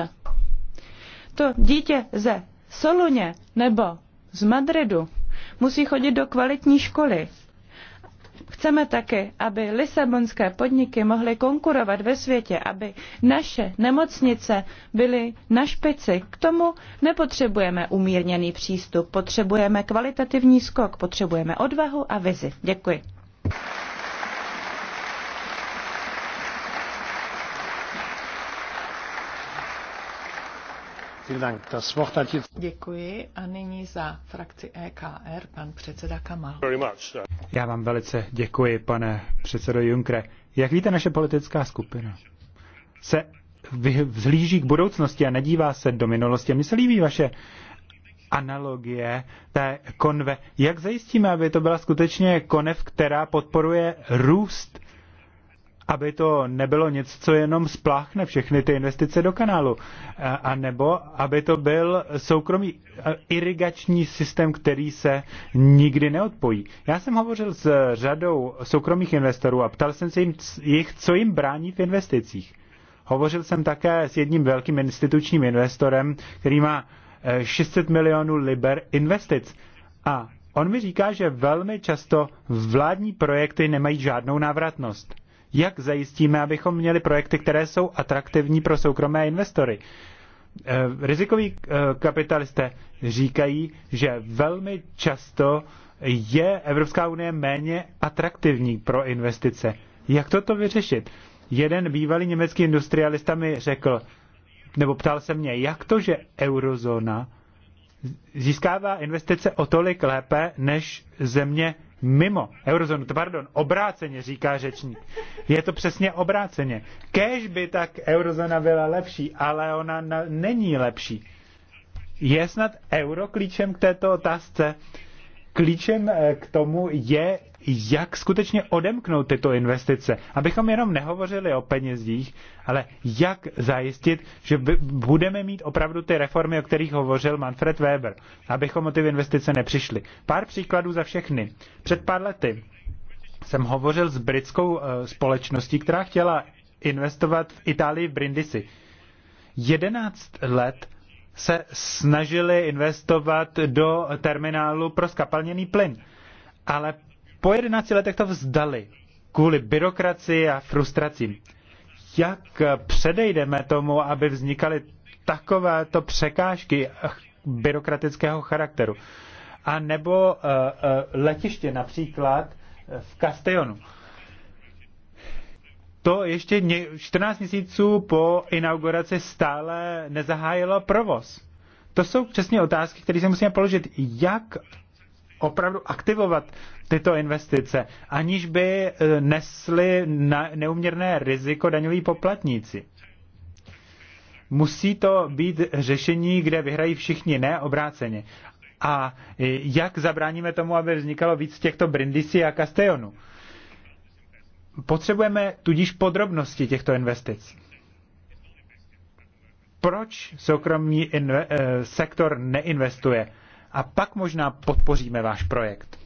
To dítě ze Soluně nebo z Madridu musí chodit do kvalitní školy. Chceme taky, aby lisabonské podniky mohly konkurovat ve světě, aby naše nemocnice byly na špici. K tomu nepotřebujeme umírněný přístup, potřebujeme kvalitativní skok, potřebujeme odvahu a vizi. Děkuji. Děkuji a nyní za frakci EKR pan předseda Kamal. Já vám velice děkuji, pane předsedo Junkre. Jak víte, naše politická skupina se vzhlíží k budoucnosti a nedívá se do minulosti. Mně se líbí vaše analogie té konve. Jak zajistíme, aby to byla skutečně konev, která podporuje růst aby to nebylo nic, co jenom spláchne všechny ty investice do kanálu. A, a nebo aby to byl soukromý eh, irigační systém, který se nikdy neodpojí. Já jsem hovořil s řadou soukromých investorů a ptal jsem se jim, jich, co jim brání v investicích. Hovořil jsem také s jedním velkým institučním investorem, který má 600 eh, milionů liber investic. A on mi říká, že velmi často vládní projekty nemají žádnou návratnost jak zajistíme, abychom měli projekty, které jsou atraktivní pro soukromé investory. Eh, rizikoví eh, kapitalisté říkají, že velmi často je Evropská unie méně atraktivní pro investice. Jak toto vyřešit? Jeden bývalý německý industrialista mi řekl, nebo ptal se mě, jak to, že eurozóna získává investice o tolik lépe než země mimo eurozónu. Pardon, obráceně říká řečník. Je to přesně obráceně. Kéž by tak eurozóna byla lepší, ale ona na, není lepší. Je snad euro klíčem k této otázce? klíčem eh, k tomu je, jak skutečně odemknout tyto investice. Abychom jenom nehovořili o penězích, ale jak zajistit, že budeme mít opravdu ty reformy, o kterých hovořil Manfred Weber, abychom o ty investice nepřišli. Pár příkladů za všechny. Před pár lety jsem hovořil s britskou eh, společností, která chtěla investovat v Itálii v Brindisi. 11 let se snažili investovat do terminálu pro skapalněný plyn. Ale po 11 letech to vzdali kvůli byrokracii a frustracím. Jak předejdeme tomu, aby vznikaly takovéto překážky byrokratického charakteru? A nebo eh, eh, letiště například v Castellonu to ještě 14 měsíců po inauguraci stále nezahájilo provoz. To jsou přesně otázky, které se musíme položit. Jak opravdu aktivovat tyto investice, aniž by eh, nesli na neuměrné riziko daňoví poplatníci? Musí to být řešení, kde vyhrají všichni, ne obráceně. A eh, jak zabráníme tomu, aby vznikalo víc těchto Brindisi a Castellonu? Potřebujeme tudíž podrobnosti těchto investic. Proč soukromní inve- eh, sektor neinvestuje? A pak možná podpoříme váš projekt.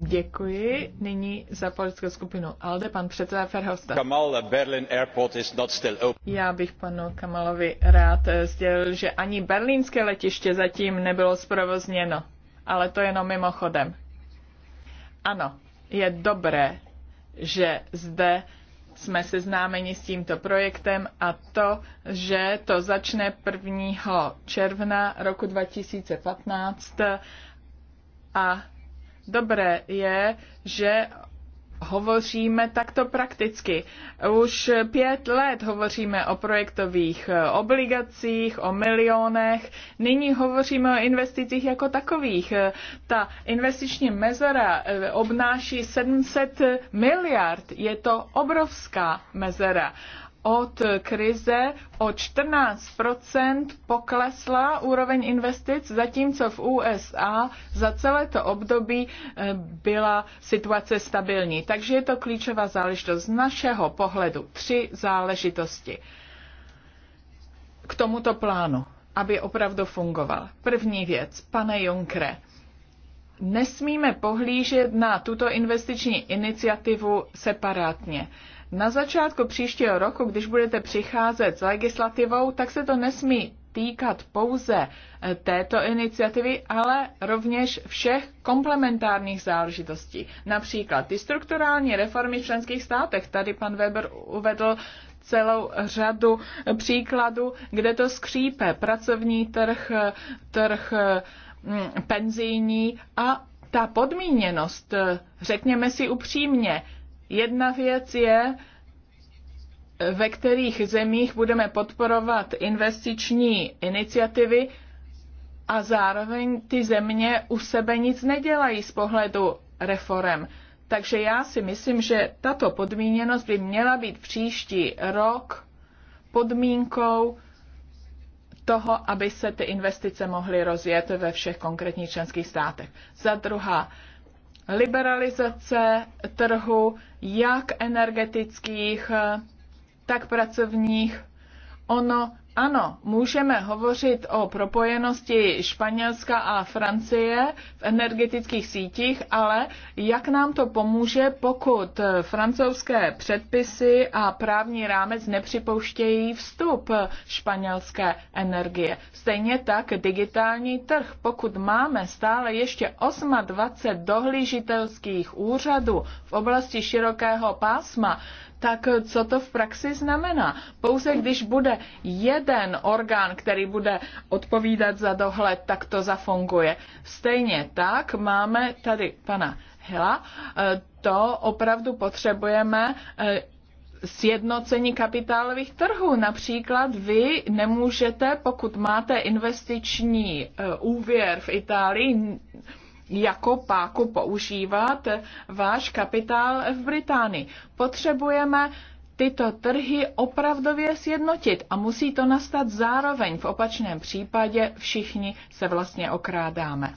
Děkuji. Nyní za politickou skupinu ALDE pan předseda Ferhosta. Kamal, Berlin Airport is not still open. Já bych panu Kamalovi rád sdělil, že ani berlínské letiště zatím nebylo zprovozněno ale to jenom mimochodem. Ano, je dobré, že zde jsme seznámeni s tímto projektem a to, že to začne 1. června roku 2015 a dobré je, že hovoříme takto prakticky. Už pět let hovoříme o projektových eh, obligacích, o milionech. Nyní hovoříme o investicích jako takových. Eh, Ta investiční mezera eh, obnáší 700 miliard. Je to obrovská mezera od krize o 14% poklesla úroveň investic, zatímco v USA za celé to období eh, byla situace stabilní. Takže je to klíčová záležitost z našeho pohledu. Tři záležitosti k tomuto plánu, aby opravdu fungoval. První věc, pane Junkre, nesmíme pohlížet na tuto investiční iniciativu separátně na začátku příštího roku, když budete přicházet s legislativou, tak se to nesmí týkat pouze eh, této iniciativy, ale rovněž všech komplementárních záležitostí. Například ty strukturální reformy v členských státech. Tady pan Weber uvedl celou řadu eh, příkladů, kde to skřípe. Pracovní trh, eh, trh mm, penzijní a ta podmíněnost, řekněme si upřímně, Jedna věc je, ve kterých zemích budeme podporovat investiční iniciativy a zároveň ty země u sebe nic nedělají z pohledu reform. Takže já si myslím, že tato podmíněnost by měla být příští rok podmínkou toho, aby se ty investice mohly rozjet ve všech konkrétních členských státech. Za druhá, liberalizace trhu jak energetických, tak pracovních Ono, ano, můžeme hovořit o propojenosti Španělska a Francie v energetických sítích, ale jak nám to pomůže, pokud francouzské předpisy a právní rámec nepřipouštějí vstup španělské energie. Stejně tak digitální trh. Pokud máme stále ještě 28 dohlížitelských úřadů v oblasti širokého pásma, tak co to v praxi znamená? Pouze když bude jeden orgán, který bude odpovídat za dohled, tak to zafunguje. Stejně tak máme tady pana Hela, e, to opravdu potřebujeme e, sjednocení kapitálových trhů. Například vy nemůžete, pokud máte investiční e, úvěr v Itálii, jako páku používat váš kapitál v Británii. Potřebujeme tyto trhy opravdově sjednotit a musí to nastat zároveň. V opačném případě všichni se vlastně okrádáme.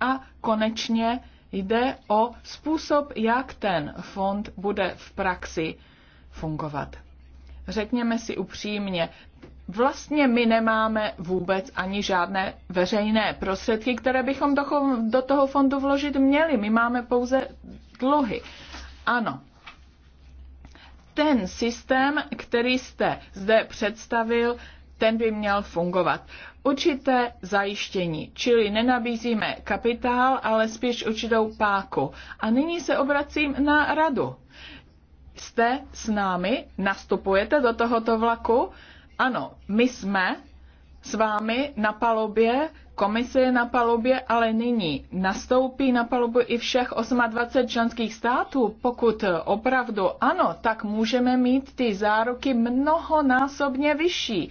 A konečně jde o způsob, jak ten fond bude v praxi fungovat. Řekněme si upřímně, vlastně my nemáme vůbec ani žádné veřejné prostředky, které bychom do toho fondu vložit měli. My máme pouze dluhy. Ano, ten systém, který jste zde představil, ten by měl fungovat. Určité zajištění, čili nenabízíme kapitál, ale spíš určitou páku. A nyní se obracím na radu. Jste s námi, nastupujete do tohoto vlaku, ano, my jsme s vámi na palubě, komise je na palubě, ale nyní nastoupí na palubu i všech 28 členských států. Pokud opravdu ano, tak můžeme mít ty záruky mnohonásobně vyšší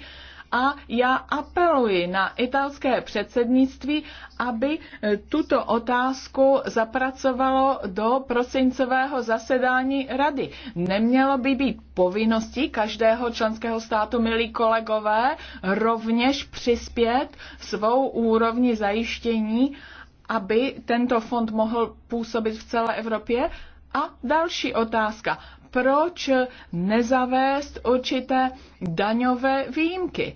a já apeluji na italské předsednictví, aby eh, tuto otázku zapracovalo do prosincového zasedání rady. Nemělo by být povinností každého členského státu, milí kolegové, rovněž přispět svou úrovni zajištění, aby tento fond mohl působit v celé Evropě? A další otázka proč nezavést určité daňové výjimky.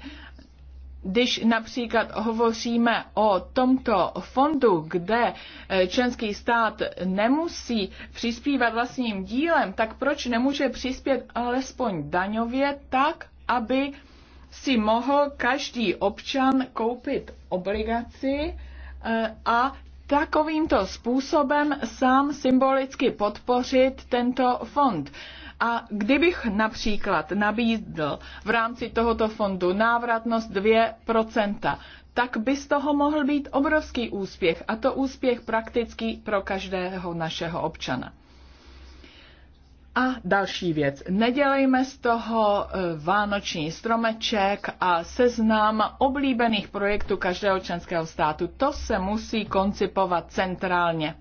Když například hovoříme o tomto fondu, kde eh, členský stát nemusí přispívat vlastním dílem, tak proč nemůže přispět alespoň daňově tak, aby si mohl každý občan koupit obligaci eh, a takovýmto způsobem sám symbolicky podpořit tento fond. A kdybych například nabídl v rámci tohoto fondu návratnost 2%, tak by z toho mohl být obrovský úspěch a to úspěch praktický pro každého našeho občana. A další věc. Nedělejme z toho e, vánoční stromeček a seznam oblíbených projektů každého členského státu. To se musí koncipovat centrálně.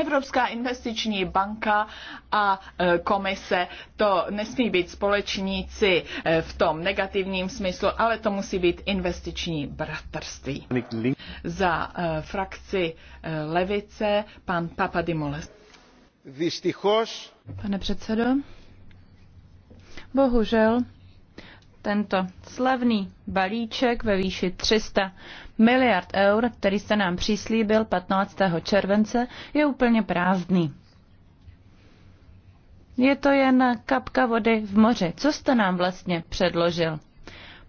Evropská investiční banka a e, komise to nesmí být společníci e, v tom negativním smyslu, ale to musí být investiční bratrství. Za frakci levice pan Papadimules. Pane předsedo, bohužel tento slavný balíček ve výši 300 miliard eur, který se nám přislíbil 15. července, je úplně prázdný. Je to jen kapka vody v moři. Co jste nám vlastně předložil?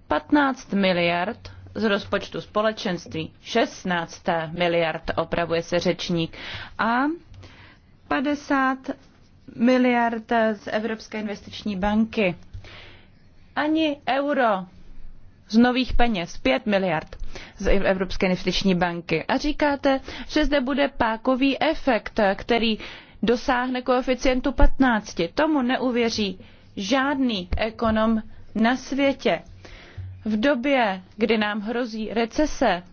15 miliard z rozpočtu společenství, 16 miliard, opravuje se řečník, a 50 miliard z Evropské investiční banky. Ani euro z nových peněz, 5 miliard z Evropské investiční banky. A říkáte, že zde bude pákový efekt, který dosáhne koeficientu 15. Tomu neuvěří žádný ekonom na světě. V době, kdy nám hrozí recese,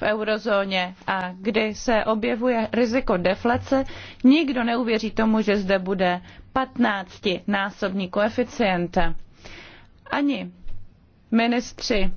v eurozóně a kdy se objevuje riziko deflace, nikdo neuvěří tomu, že zde bude 15 násobní koeficient. Ani ministři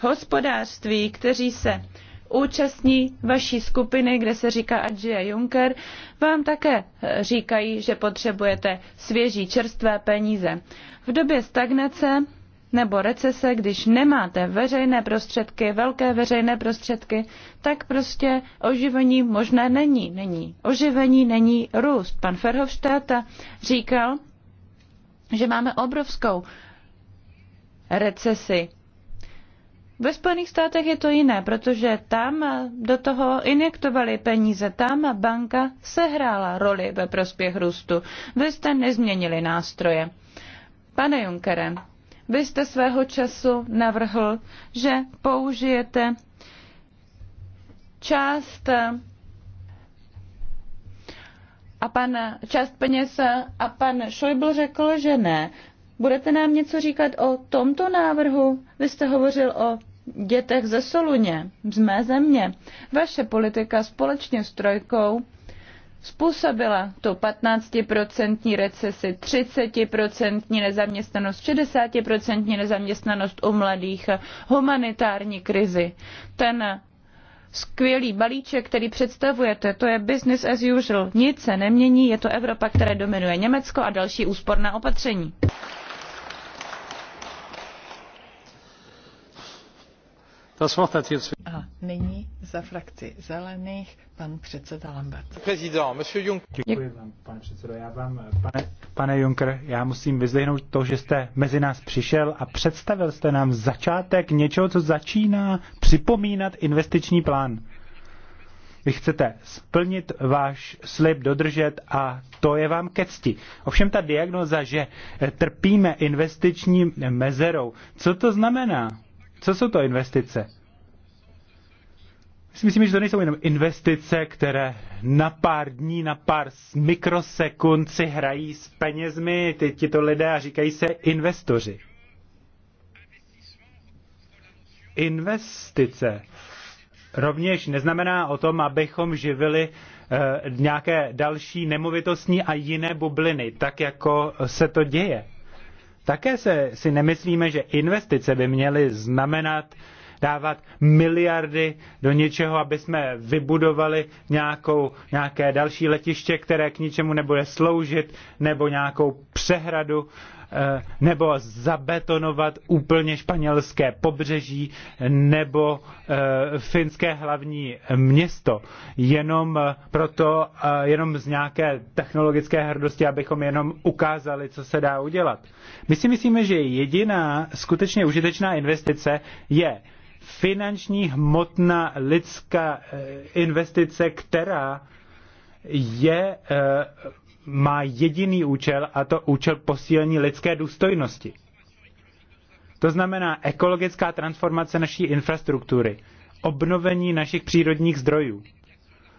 hospodářství, kteří se účastní vaší skupiny, kde se říká Adžia Juncker, vám také říkají, že potřebujete svěží čerstvé peníze. V době stagnace nebo recese, když nemáte veřejné prostředky, velké veřejné prostředky, tak prostě oživení možné není. Není oživení, není růst. Pan Ferhofstadt říkal, že máme obrovskou recesi. Ve Spojených státech je to jiné, protože tam do toho injektovali peníze, tam banka sehrála roli ve prospěch růstu. Vy jste nezměnili nástroje. Pane Junkere, vy jste svého času navrhl, že použijete část a pan, část peněz a pan Schäuble řekl, že ne. Budete nám něco říkat o tomto návrhu? Vy jste hovořil o dětech ze Soluně, z mé země. Vaše politika společně s Trojkou způsobila tu 15% recesi, 30% nezaměstnanost, 60% nezaměstnanost u mladých, humanitární krizi. Ten skvělý balíček, který představujete, to je business as usual. Nic se nemění, je to Evropa, která dominuje Německo a další úsporná opatření. nyní za frakci zelených pan předseda Lambert. Děkuji vám, pane předsedo. Já vám, pane, pane Juncker, já musím vyzvihnout to, že jste mezi nás přišel a představil jste nám začátek něčeho, co začíná připomínat investiční plán. Vy chcete splnit váš slib, dodržet a to je vám ke cti. Ovšem ta diagnoza, že trpíme investiční mezerou, co to znamená? Co jsou to investice? Si myslím, že to nejsou jenom investice, které na pár dní, na pár mikrosekund si hrají s penězmi ty, tito lidé a říkají se investoři. Investice rovněž neznamená o tom, abychom živili e, nějaké další nemovitostní a jiné bubliny, tak jako se to děje. Také se, si nemyslíme, že investice by měly znamenat dávat miliardy do něčeho, aby jsme vybudovali nějakou, nějaké další letiště, které k ničemu nebude sloužit, nebo nějakou přehradu, Eh, nebo zabetonovat úplně španělské pobřeží nebo eh, finské hlavní město jenom eh, proto, jenom z nějaké technologické hrdosti, abychom jenom ukázali, co se dá udělat. My si myslíme, že jediná skutečně užitečná investice je finanční hmotná lidská investice, která je má jediný účel a to účel posílení lidské důstojnosti. To znamená ekologická transformace naší infrastruktury, obnovení našich přírodních zdrojů,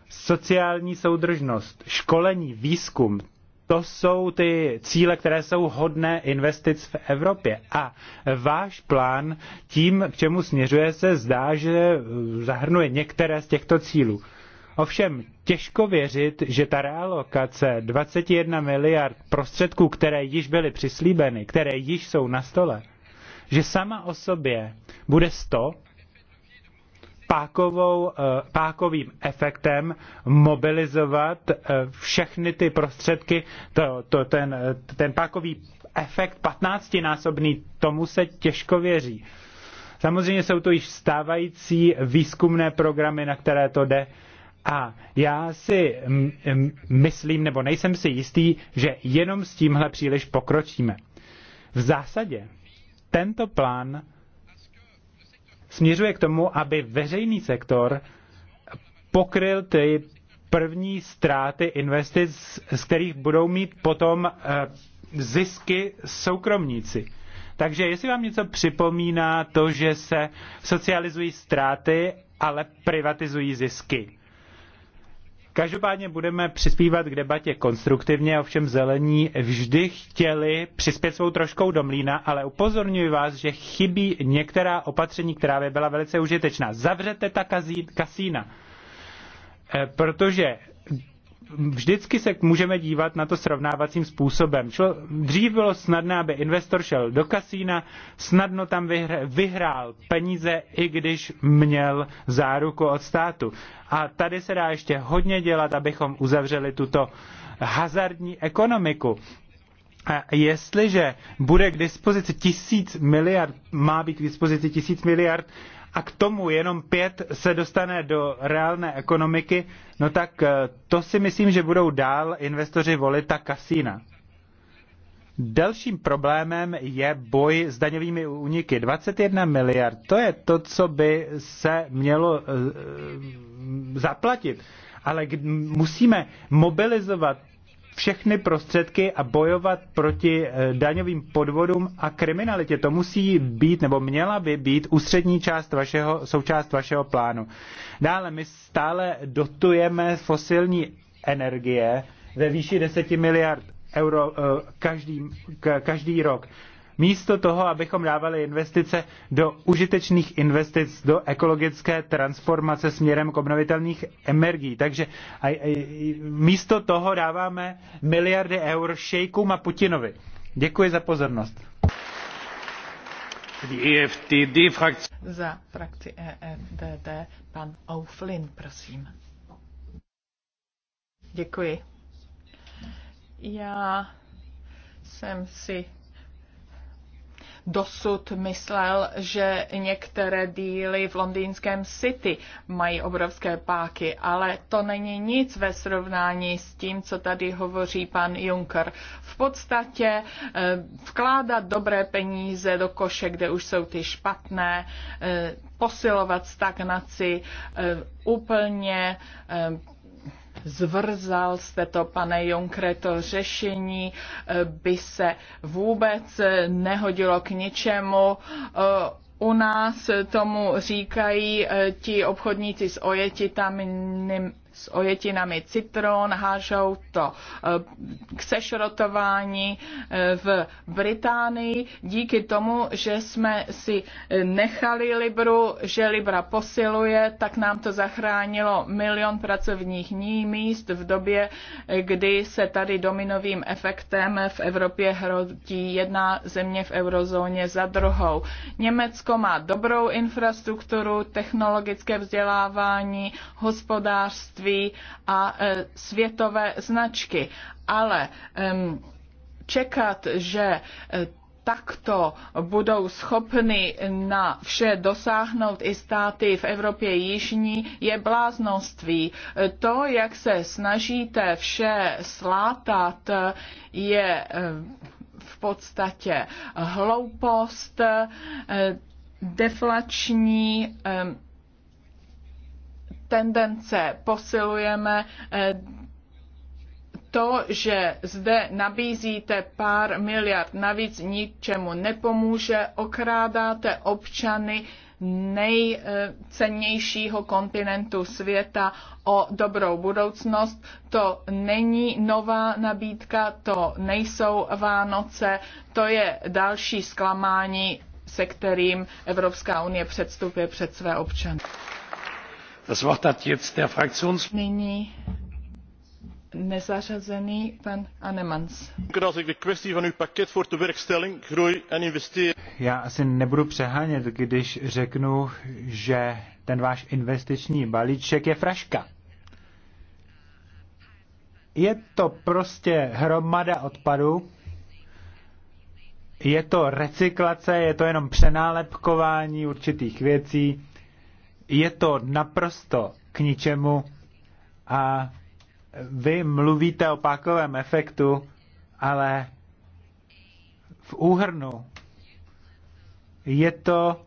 sociální soudržnost, školení, výzkum, to jsou ty cíle, které jsou hodné investic v Evropě. A váš plán tím, k čemu směřuje, se zdá, že zahrnuje některé z těchto cílů. Ovšem těžko věřit, že ta realokace 21 miliard prostředků, které již byly přislíbeny, které již jsou na stole, že sama o sobě bude 100 pákovou, eh, pákovým efektem mobilizovat eh, všechny ty prostředky, to, to, ten, ten pákový efekt 15-násobný, tomu se těžko věří. Samozřejmě jsou to již stávající výzkumné programy, na které to jde, a já si mm, mm, myslím, nebo nejsem si jistý, že jenom s tímhle příliš pokročíme. V zásadě tento plán směřuje k tomu, aby veřejný sektor pokryl ty první ztráty investic, z kterých budou mít potom eh, zisky soukromníci. Takže jestli vám něco připomíná to, že se socializují ztráty, ale privatizují zisky. Každopádně budeme přispívat k debatě konstruktivně, ovšem zelení vždy chtěli přispět svou troškou do mlína, ale upozorňuji vás, že chybí některá opatření, která by byla velice užitečná. Zavřete ta kasína, eh, protože vždycky se můžeme dívat na to srovnávacím způsobem. Člo, dřív bylo snadné, aby investor šel do kasína, snadno tam vyhr, vyhrál peníze, i když měl záruku od státu. A tady se dá ještě hodně dělat, abychom uzavřeli tuto hazardní ekonomiku. A jestliže bude k dispozici tisíc miliard, má být k dispozici tisíc miliard a k tomu jenom pět se dostane do reálné ekonomiky, no tak eh, to si myslím, že budou dál investoři volit ta kasína. Dalším problémem je boj s daňovými úniky. 21 miliard, to je to, co by se mělo eh, zaplatit. Ale musíme mobilizovat všechny prostředky a bojovat proti eh, daňovým podvodům a kriminalitě. To musí být, nebo měla by být ústřední část vašeho, součást vašeho plánu. Dále my stále dotujeme fosilní energie ve výši 10 miliard euro eh, každý, každý rok místo toho, abychom dávali investice do užitečných investic, do ekologické transformace směrem k obnovitelných energií. Takže a, a, místo toho dáváme miliardy eur šejkům a Putinovi. Děkuji za pozornost. EFTD frakci. Za frakci EFDD pan O'Flynn, prosím. Děkuji. Já jsem si dosud myslel, že některé díly v londýnském City mají obrovské páky, ale to není nic ve srovnání s tím, co tady hovoří pan Juncker. V podstatě eh, vkládat dobré peníze do koše, kde už jsou ty špatné, eh, posilovat stagnaci, eh, úplně Zvrzal jste to, pane Junkre, to řešení eh, by se vůbec eh, nehodilo k ničemu. Eh, u nás tomu říkají ti obchodníci s ojetitami s ojetinami citron, hážou to eh, k sešrotování eh, v Británii díky tomu, že jsme si eh, nechali Libru, že Libra posiluje, tak nám to zachránilo milion pracovních dní míst v době, kdy se tady dominovým efektem v Evropě hrotí jedna země v eurozóně za druhou. Německo má dobrou infrastrukturu, technologické vzdělávání, hospodářství, odvětví a e, světové značky. Ale čekat, že e, takto budou schopny na vše dosáhnout i státy v Evropě jižní, je bláznoství. E, to, jak se snažíte vše slátat, je v podstatě hloupost, deflační tendence posilujeme eh, to, že zde nabízíte pár miliard navíc, ničemu nepomůže, okrádáte občany nejcennějšího kontinentu světa o dobrou budoucnost. To není nová nabídka, to nejsou Vánoce, to je další zklamání, se kterým Evropská unie předstupuje před své občany. Nyní nezařazený pan Anemans. Já asi nebudu přehánět, když řeknu, že ten váš investiční balíček je fraška. Je to prostě hromada odpadu, je to recyklace, je to jenom přenálepkování určitých věcí, je to naprosto k ničemu a vy mluvíte o pákovém efektu, ale v úhrnu je to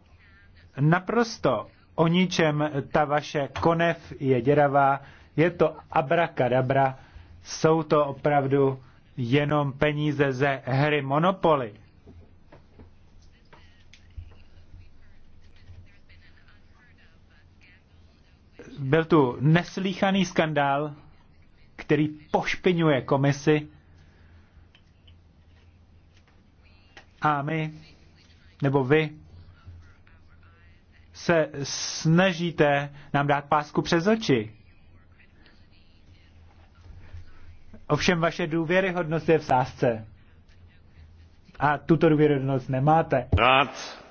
naprosto o ničem. Ta vaše konev je děravá, je to abrakadabra, jsou to opravdu jenom peníze ze hry Monopoly. byl tu neslíchaný skandál, který pošpiňuje komisi a my, nebo vy, se snažíte nám dát pásku přes oči. Ovšem vaše důvěryhodnost je v sázce. A tuto důvěryhodnost nemáte. Rád.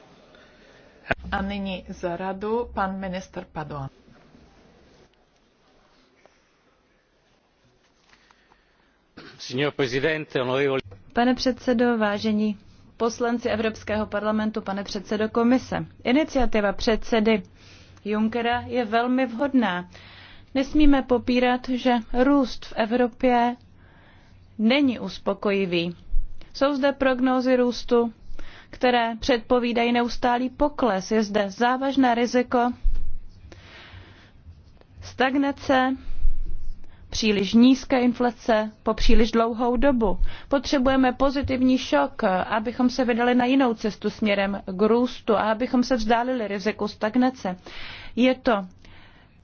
A nyní za radu pan minister Padoan. Pane předsedo, vážení poslanci Evropského parlamentu, pane předsedo komise, iniciativa předsedy Junckera je velmi vhodná. Nesmíme popírat, že růst v Evropě není uspokojivý. Jsou zde prognózy růstu, které předpovídají neustálý pokles. Je zde závažné riziko stagnace příliš nízké inflace po příliš dlouhou dobu. Potřebujeme pozitivní šok, abychom se vydali na jinou cestu směrem k růstu a abychom se vzdálili riziku stagnace. Je to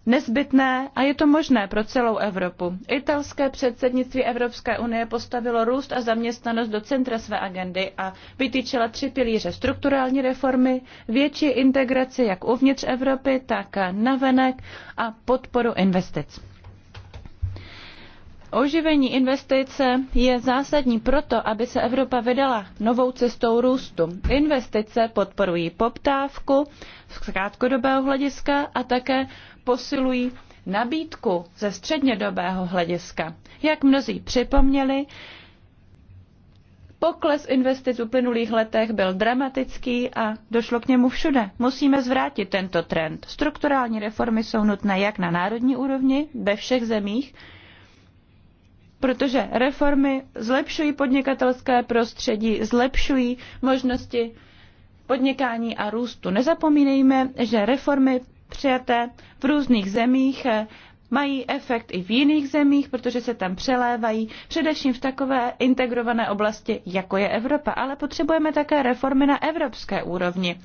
nezbytné a je to možné pro celou Evropu. Italské předsednictví Evropské unie postavilo růst a zaměstnanost do centra své agendy a vytýčila tři pilíře strukturální reformy, větší integraci jak uvnitř Evropy, tak navenek a podporu investic. Oživení investice je zásadní proto, aby se Evropa vydala novou cestou růstu. Investice podporují poptávku z krátkodobého hlediska a také posilují nabídku ze střednědobého hlediska. Jak mnozí připomněli, pokles investic v uplynulých letech byl dramatický a došlo k němu všude. Musíme zvrátit tento trend. Strukturální reformy jsou nutné jak na národní úrovni, ve všech zemích, protože reformy zlepšují podnikatelské prostředí, zlepšují možnosti podnikání a růstu. Nezapomínejme, že reformy přijaté v různých zemích eh, mají efekt i v jiných zemích, protože se tam přelévají, především v takové integrované oblasti, jako je Evropa. Ale potřebujeme také reformy na evropské úrovni,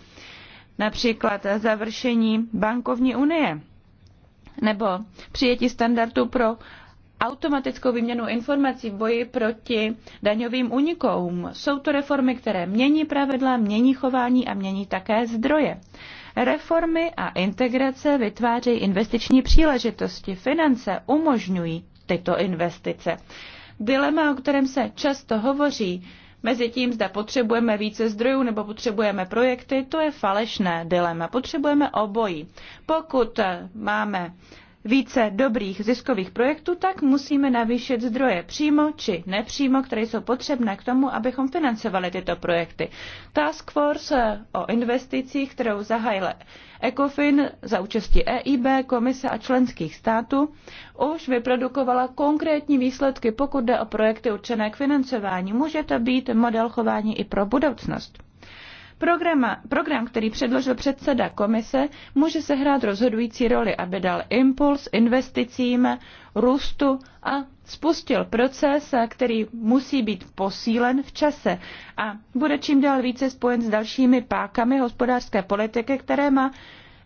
například završení bankovní unie nebo přijetí standardů pro automatickou výměnu informací v boji proti daňovým unikům. Jsou to reformy, které mění pravidla, mění chování a mění také zdroje. Reformy a integrace vytvářejí investiční příležitosti. Finance umožňují tyto investice. Dilema, o kterém se často hovoří, mezi tím, zda potřebujeme více zdrojů nebo potřebujeme projekty, to je falešné dilema. Potřebujeme obojí. Pokud máme více dobrých ziskových projektů, tak musíme navýšit zdroje přímo či nepřímo, které jsou potřebné k tomu, abychom financovali tyto projekty. Task Force eh, o investicích, kterou zahájil ECOFIN za účasti EIB, komise a členských států, už vyprodukovala konkrétní výsledky, pokud jde o projekty určené k financování. Může to být model chování i pro budoucnost. Programa, program, který předložil předseda komise, může sehrát rozhodující roli, aby dal impuls investicím, růstu a spustil proces, který musí být posílen v čase a bude čím dál více spojen s dalšími pákami hospodářské politiky, které má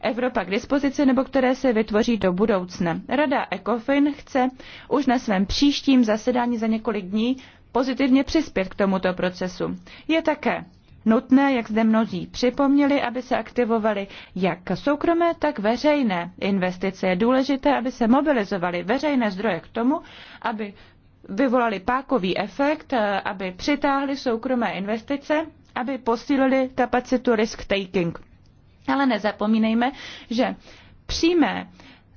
Evropa k dispozici nebo které se vytvoří do budoucna. Rada ECOFIN chce už na svém příštím zasedání za několik dní pozitivně přispět k tomuto procesu. Je také nutné, jak zde mnozí připomněli, aby se aktivovaly jak soukromé, tak veřejné investice. Je důležité, aby se mobilizovaly veřejné zdroje k tomu, aby vyvolali pákový efekt, eh, aby přitáhli soukromé investice, aby posílili kapacitu risk taking. Ale nezapomínejme, že přímé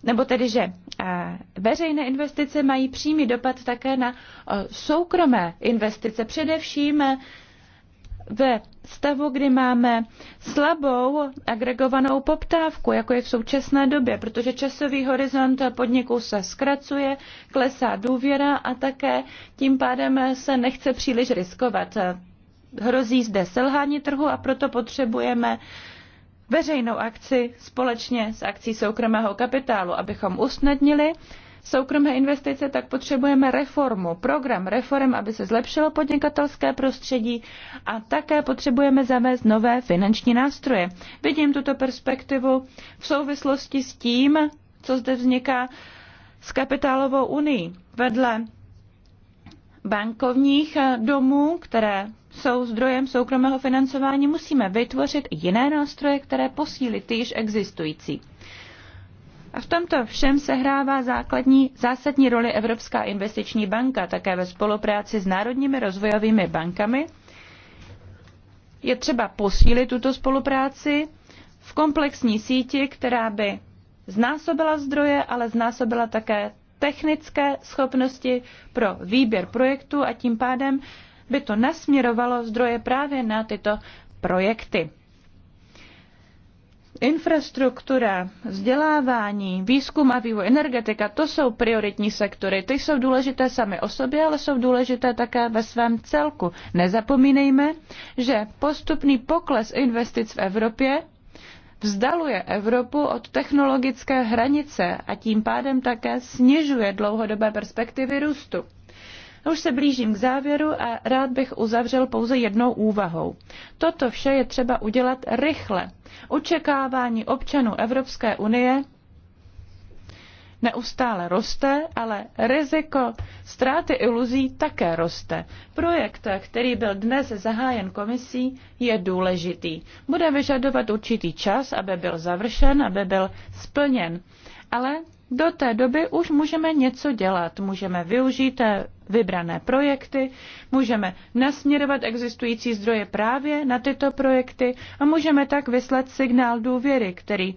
nebo tedy, že eh, veřejné investice mají přímý dopad také na eh, soukromé investice, především ve stavu, kdy máme slabou agregovanou poptávku, jako je v současné době, protože časový horizont podniků se zkracuje, klesá důvěra a také tím pádem se nechce příliš riskovat. Hrozí zde selhání trhu a proto potřebujeme veřejnou akci společně s akcí soukromého kapitálu, abychom usnadnili soukromé investice, tak potřebujeme reformu, program reform, aby se zlepšilo podnikatelské prostředí a také potřebujeme zavést nové finanční nástroje. Vidím tuto perspektivu v souvislosti s tím, co zde vzniká s kapitálovou unii. Vedle bankovních domů, které jsou zdrojem soukromého financování, musíme vytvořit jiné nástroje, které posílí ty již existující. A v tomto všem sehrává základní, zásadní roli Evropská investiční banka, také ve spolupráci s národními rozvojovými bankami. Je třeba posílit tuto spolupráci v komplexní síti, která by znásobila zdroje, ale znásobila také technické schopnosti pro výběr projektu a tím pádem by to nasměrovalo zdroje právě na tyto projekty. Infrastruktura, vzdělávání, výzkum a vývoj, energetika, to jsou prioritní sektory. Ty jsou důležité sami o sobě, ale jsou důležité také ve svém celku. Nezapomínejme, že postupný pokles investic v Evropě vzdaluje Evropu od technologické hranice a tím pádem také snižuje dlouhodobé perspektivy růstu. Už se blížím k závěru a rád bych uzavřel pouze jednou úvahou. Toto vše je třeba udělat rychle. Očekávání občanů Evropské unie neustále roste, ale riziko ztráty iluzí také roste. Projekt, který byl dnes zahájen komisí, je důležitý. Bude vyžadovat určitý čas, aby byl završen, aby byl splněn. Ale do té doby už můžeme něco dělat. Můžeme využít eh, vybrané projekty, můžeme nasměrovat existující zdroje právě na tyto projekty a můžeme tak vyslat signál důvěry, který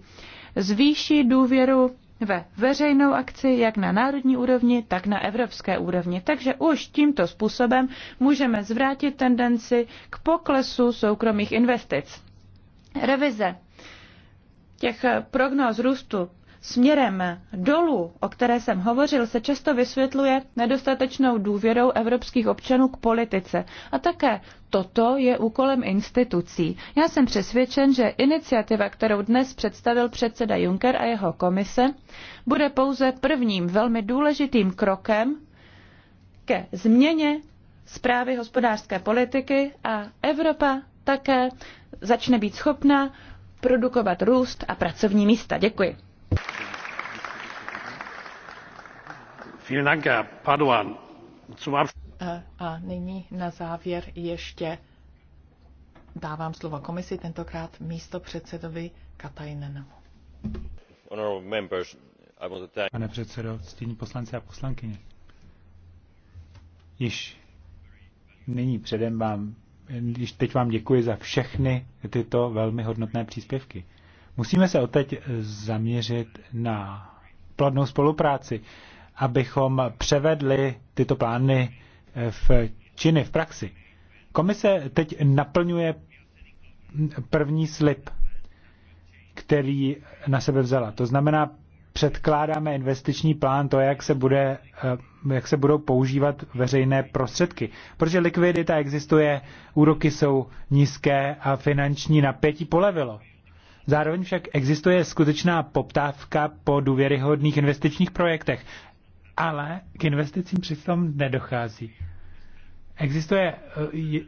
zvýší důvěru ve veřejnou akci jak na národní úrovni, tak na evropské úrovni. Takže už tímto způsobem můžeme zvrátit tendenci k poklesu soukromých investic. Revize těch prognóz růstu směrem dolů, o které jsem hovořil, se často vysvětluje nedostatečnou důvěrou evropských občanů k politice. A také toto je úkolem institucí. Já jsem přesvědčen, že iniciativa, kterou dnes představil předseda Juncker a jeho komise, bude pouze prvním velmi důležitým krokem ke změně zprávy hospodářské politiky a Evropa také začne být schopná produkovat růst a pracovní místa. Děkuji. A nyní na závěr ještě dávám slovo komisi, tentokrát místo předsedovi Katajnenovu. Pane předsedo, ctění poslanci a poslankyně, již nyní předem vám, již teď vám děkuji za všechny tyto velmi hodnotné příspěvky. Musíme se odteď zaměřit na plodnou spolupráci abychom převedli tyto plány eh, v činy, v praxi. Komise teď naplňuje první slib, který na sebe vzala. To znamená, předkládáme investiční plán, to, jak se, bude, eh, jak se budou používat veřejné prostředky. Protože likvidita existuje, úroky jsou nízké a finanční napětí polevilo. Zároveň však existuje skutečná poptávka po důvěryhodných investičních projektech ale k investicím přitom nedochází. Existuje eh,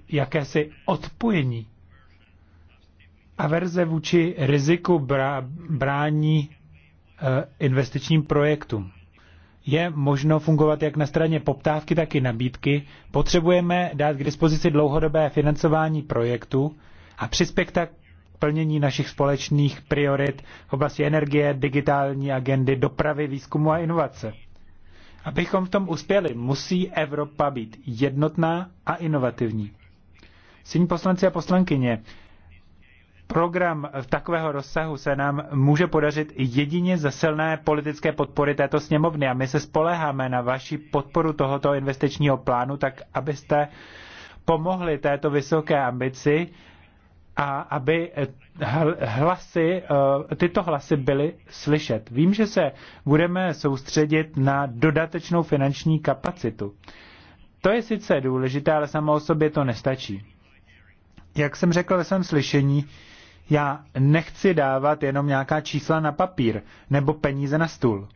jakési odpojení. Averze vůči riziku brání eh, investičním projektům je možno fungovat jak na straně poptávky, tak i nabídky, potřebujeme dát k dispozici dlouhodobé financování projektu a přispět tak k plnění našich společných priorit v oblasti energie, digitální agendy, dopravy, výzkumu a inovace. Abychom v tom uspěli, musí Evropa být jednotná a inovativní. Sýní poslanci a poslankyně, program v takového rozsahu se nám může podařit jedině za silné politické podpory této sněmovny a my se spoleháme na vaši podporu tohoto investičního plánu, tak abyste pomohli této vysoké ambici a aby hlasy, eh, tyto hlasy byly slyšet. Vím, že se budeme soustředit na dodatečnou finanční kapacitu. To je sice důležité, ale samo o sobě to nestačí. Jak jsem řekl ve svém slyšení, já nechci dávat jenom nějaká čísla na papír nebo peníze na stůl.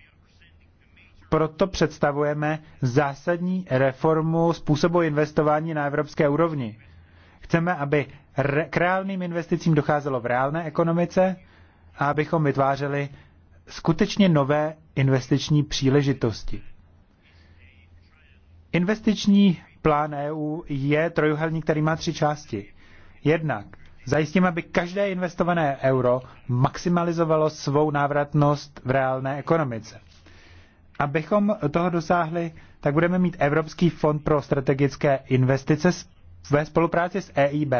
Proto představujeme zásadní reformu způsobu investování na evropské úrovni Chceme, aby k reálným investicím docházelo v reálné ekonomice a abychom vytvářeli skutečně nové investiční příležitosti. Investiční plán EU je trojuhelník, který má tři části. Jednak zajistíme, aby každé investované euro maximalizovalo svou návratnost v reálné ekonomice. Abychom toho dosáhli, tak budeme mít Evropský fond pro strategické investice s ve spolupráci s EIB.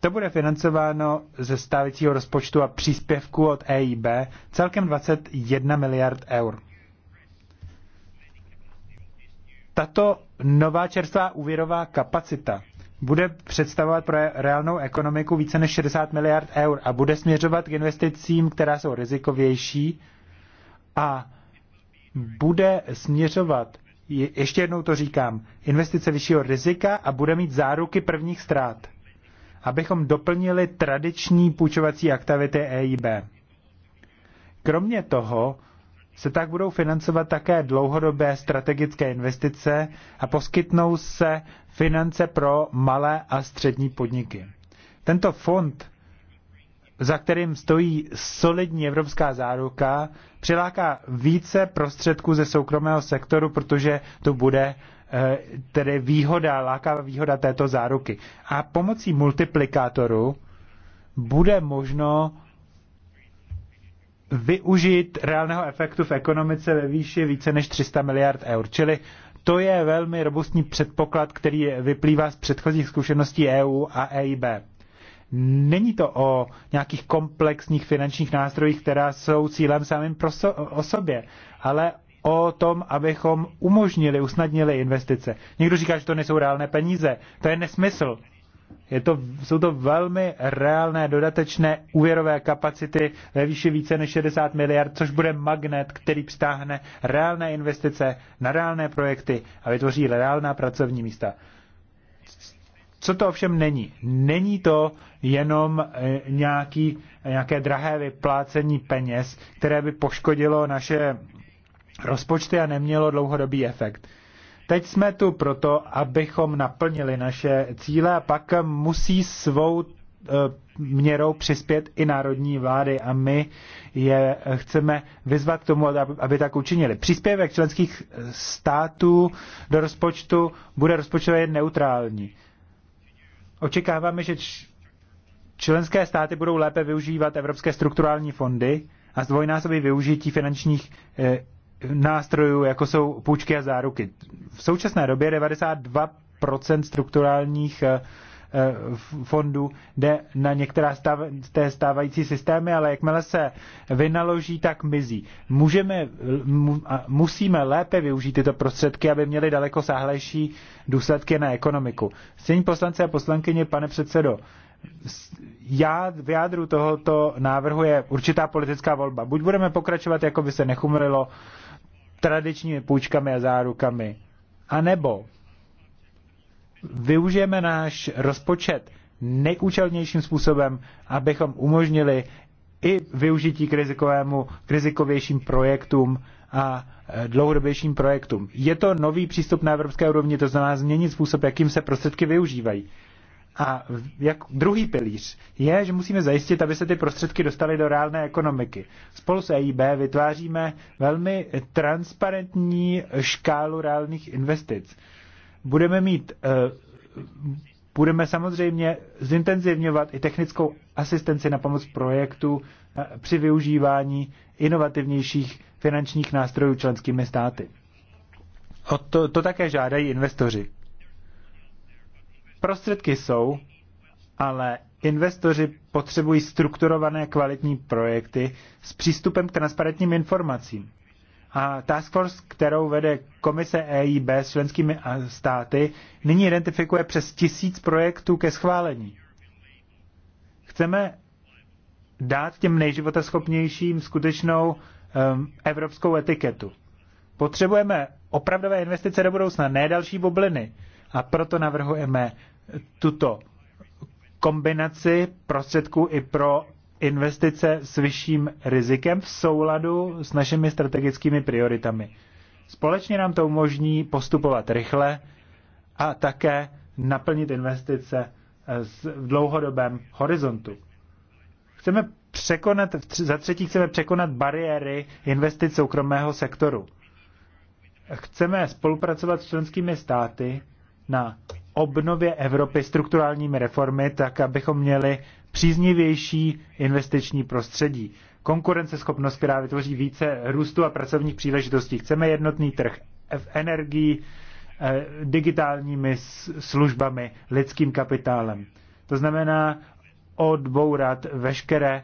To bude financováno ze stávajícího rozpočtu a příspěvku od EIB celkem 21 miliard eur. Tato nová čerstvá úvěrová kapacita bude představovat pro reálnou ekonomiku více než 60 miliard eur a bude směřovat k investicím, která jsou rizikovější a bude směřovat ještě jednou to říkám, investice vyššího rizika a bude mít záruky prvních ztrát, abychom doplnili tradiční půjčovací aktivity EIB. Kromě toho se tak budou financovat také dlouhodobé strategické investice a poskytnou se finance pro malé a střední podniky. Tento fond za kterým stojí solidní evropská záruka, přiláká více prostředků ze soukromého sektoru, protože to bude eh, tedy výhoda, lákavá výhoda této záruky. A pomocí multiplikátoru bude možno využít reálného efektu v ekonomice ve výši více než 300 miliard eur. Čili to je velmi robustní předpoklad, který vyplývá z předchozích zkušeností EU a EIB. Není to o nějakých komplexních finančních nástrojích, která jsou cílem samým pro so, o sobě, ale o tom, abychom umožnili, usnadnili investice. Někdo říká, že to nejsou reálné peníze. To je nesmysl. Je to, jsou to velmi reálné dodatečné úvěrové kapacity ve výši více než 60 miliard, což bude magnet, který přitáhne reálné investice na reálné projekty a vytvoří reálná pracovní místa. Co to ovšem není? Není to jenom e, nějaký, nějaké drahé vyplácení peněz, které by poškodilo naše rozpočty a nemělo dlouhodobý efekt. Teď jsme tu proto, abychom naplnili naše cíle a pak musí svou e, měrou přispět i národní vlády a my je chceme vyzvat k tomu, aby tak učinili. Příspěvek členských států do rozpočtu bude rozpočtově neutrální. Očekáváme, že členské státy budou lépe využívat evropské strukturální fondy a zdvojnásobí využití finančních eh, nástrojů, jako jsou půjčky a záruky. V současné době 92% strukturálních eh, Eh, fondu jde na některá stáv, té stávající systémy, ale jakmile se vynaloží, tak mizí. Můžeme, musíme lépe využít tyto prostředky, aby měly daleko sáhlejší důsledky na ekonomiku. Stění poslance a poslankyně, pane předsedo, já v jádru tohoto návrhu je určitá politická volba. Buď budeme pokračovat, jako by se nechumrilo, tradičními půjčkami a zárukami, anebo využijeme náš rozpočet nejúčelnějším způsobem, abychom umožnili i využití k, rizikovému, k rizikovějším projektům a e, dlouhodobějším projektům. Je to nový přístup na evropské úrovni, to znamená změnit způsob, jakým se prostředky využívají. A jak druhý pilíř je, že musíme zajistit, aby se ty prostředky dostaly do reálné ekonomiky. Spolu s EIB vytváříme velmi transparentní škálu reálných investic budeme mít, eh, budeme samozřejmě zintenzivňovat i technickou asistenci na pomoc projektu eh, při využívání inovativnějších finančních nástrojů členskými státy. O to, to také žádají investoři. Prostředky jsou, ale investoři potřebují strukturované kvalitní projekty s přístupem k transparentním informacím. A task force, kterou vede komise EIB s členskými státy, nyní identifikuje přes tisíc projektů ke schválení. Chceme dát těm nejživotaschopnějším skutečnou um, evropskou etiketu. Potřebujeme opravdové investice do budoucna, ne další bubliny. A proto navrhujeme tuto kombinaci prostředků i pro investice s vyšším rizikem v souladu s našimi strategickými prioritami. Společně nám to umožní postupovat rychle a také naplnit investice eh, v dlouhodobém horizontu. Chceme překonat, za třetí chceme překonat bariéry investic soukromého sektoru. Chceme spolupracovat s členskými státy na obnově Evropy strukturálními reformy, tak abychom měli příznivější investiční prostředí. Konkurenceschopnost, která vytvoří více růstu a pracovních příležitostí. Chceme jednotný trh v energii, eh, digitálními službami, lidským kapitálem. To znamená odbourat veškeré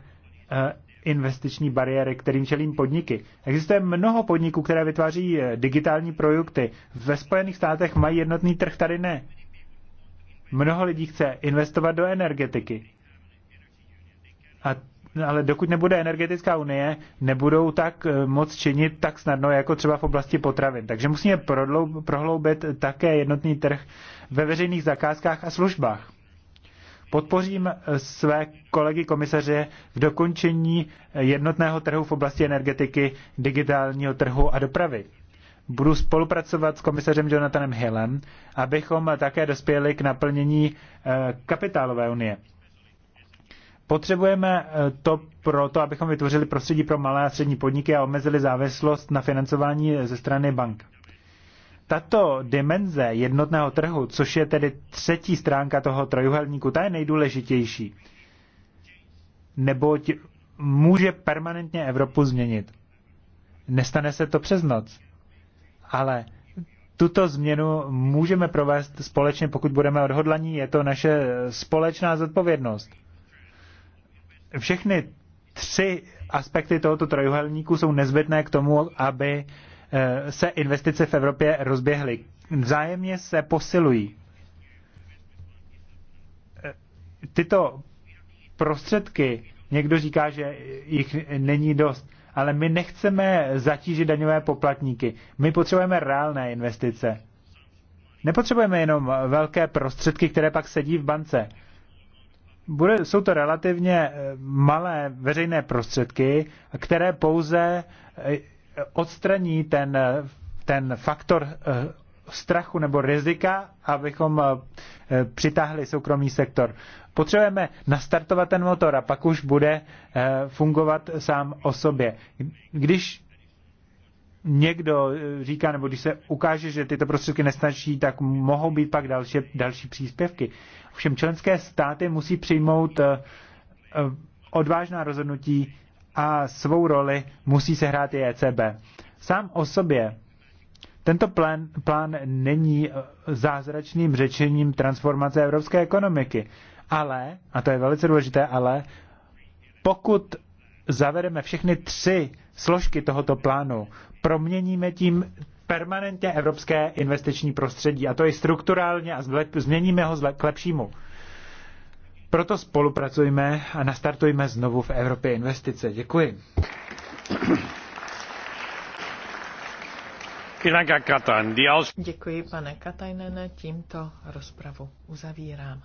eh, investiční bariéry, kterým čelím podniky. Existuje mnoho podniků, které vytváří eh, digitální produkty. Ve Spojených státech mají jednotný trh, tady ne. Mnoho lidí chce investovat do energetiky. A, ale dokud nebude energetická unie, nebudou tak eh, moc činit tak snadno, jako třeba v oblasti potravin. Takže musíme prohloubit také jednotný trh ve veřejných zakázkách a službách. Podpořím eh, své kolegy komisaře v dokončení jednotného trhu v oblasti energetiky, digitálního trhu a dopravy budu spolupracovat s komisařem Jonathanem Hillem, abychom také dospěli k naplnění eh, kapitálové unie. Potřebujeme eh, to proto, abychom vytvořili prostředí pro malé a střední podniky a omezili závislost na financování ze strany bank. Tato dimenze jednotného trhu, což je tedy třetí stránka toho trojuhelníku, ta je nejdůležitější, neboť může permanentně Evropu změnit. Nestane se to přes noc, ale tuto změnu můžeme provést společně, pokud budeme odhodlaní, je to naše společná zodpovědnost všechny tři aspekty tohoto trojuhelníku jsou nezbytné k tomu, aby eh, se investice v Evropě rozběhly. Vzájemně se posilují. Eh, tyto prostředky, někdo říká, že jich není dost, ale my nechceme zatížit daňové poplatníky. My potřebujeme reálné investice. Nepotřebujeme jenom velké prostředky, které pak sedí v bance bude, jsou to relativně eh, malé veřejné prostředky, které pouze eh, odstraní ten, eh, ten faktor strachu nebo rizika, abychom přitáhli soukromý sektor. Potřebujeme nastartovat ten motor a pak už bude fungovat sám o sobě. Když někdo eh, říká, nebo když se ukáže, že tyto prostředky nestačí, tak mohou být pak další, další příspěvky. Všem členské státy musí přijmout eh, eh, odvážná rozhodnutí a svou roli musí se hrát i ECB. Sám o sobě tento plán, plán není zázračným řečením transformace evropské ekonomiky, ale, a to je velice důležité, ale pokud zavedeme všechny tři složky tohoto plánu. Proměníme tím permanentně evropské investiční prostředí, a to i strukturálně, a změníme ho k lepšímu. Proto spolupracujme a nastartujme znovu v Evropě investice. Děkuji. Děkuji, pane Katajnene, tímto rozpravu uzavírám.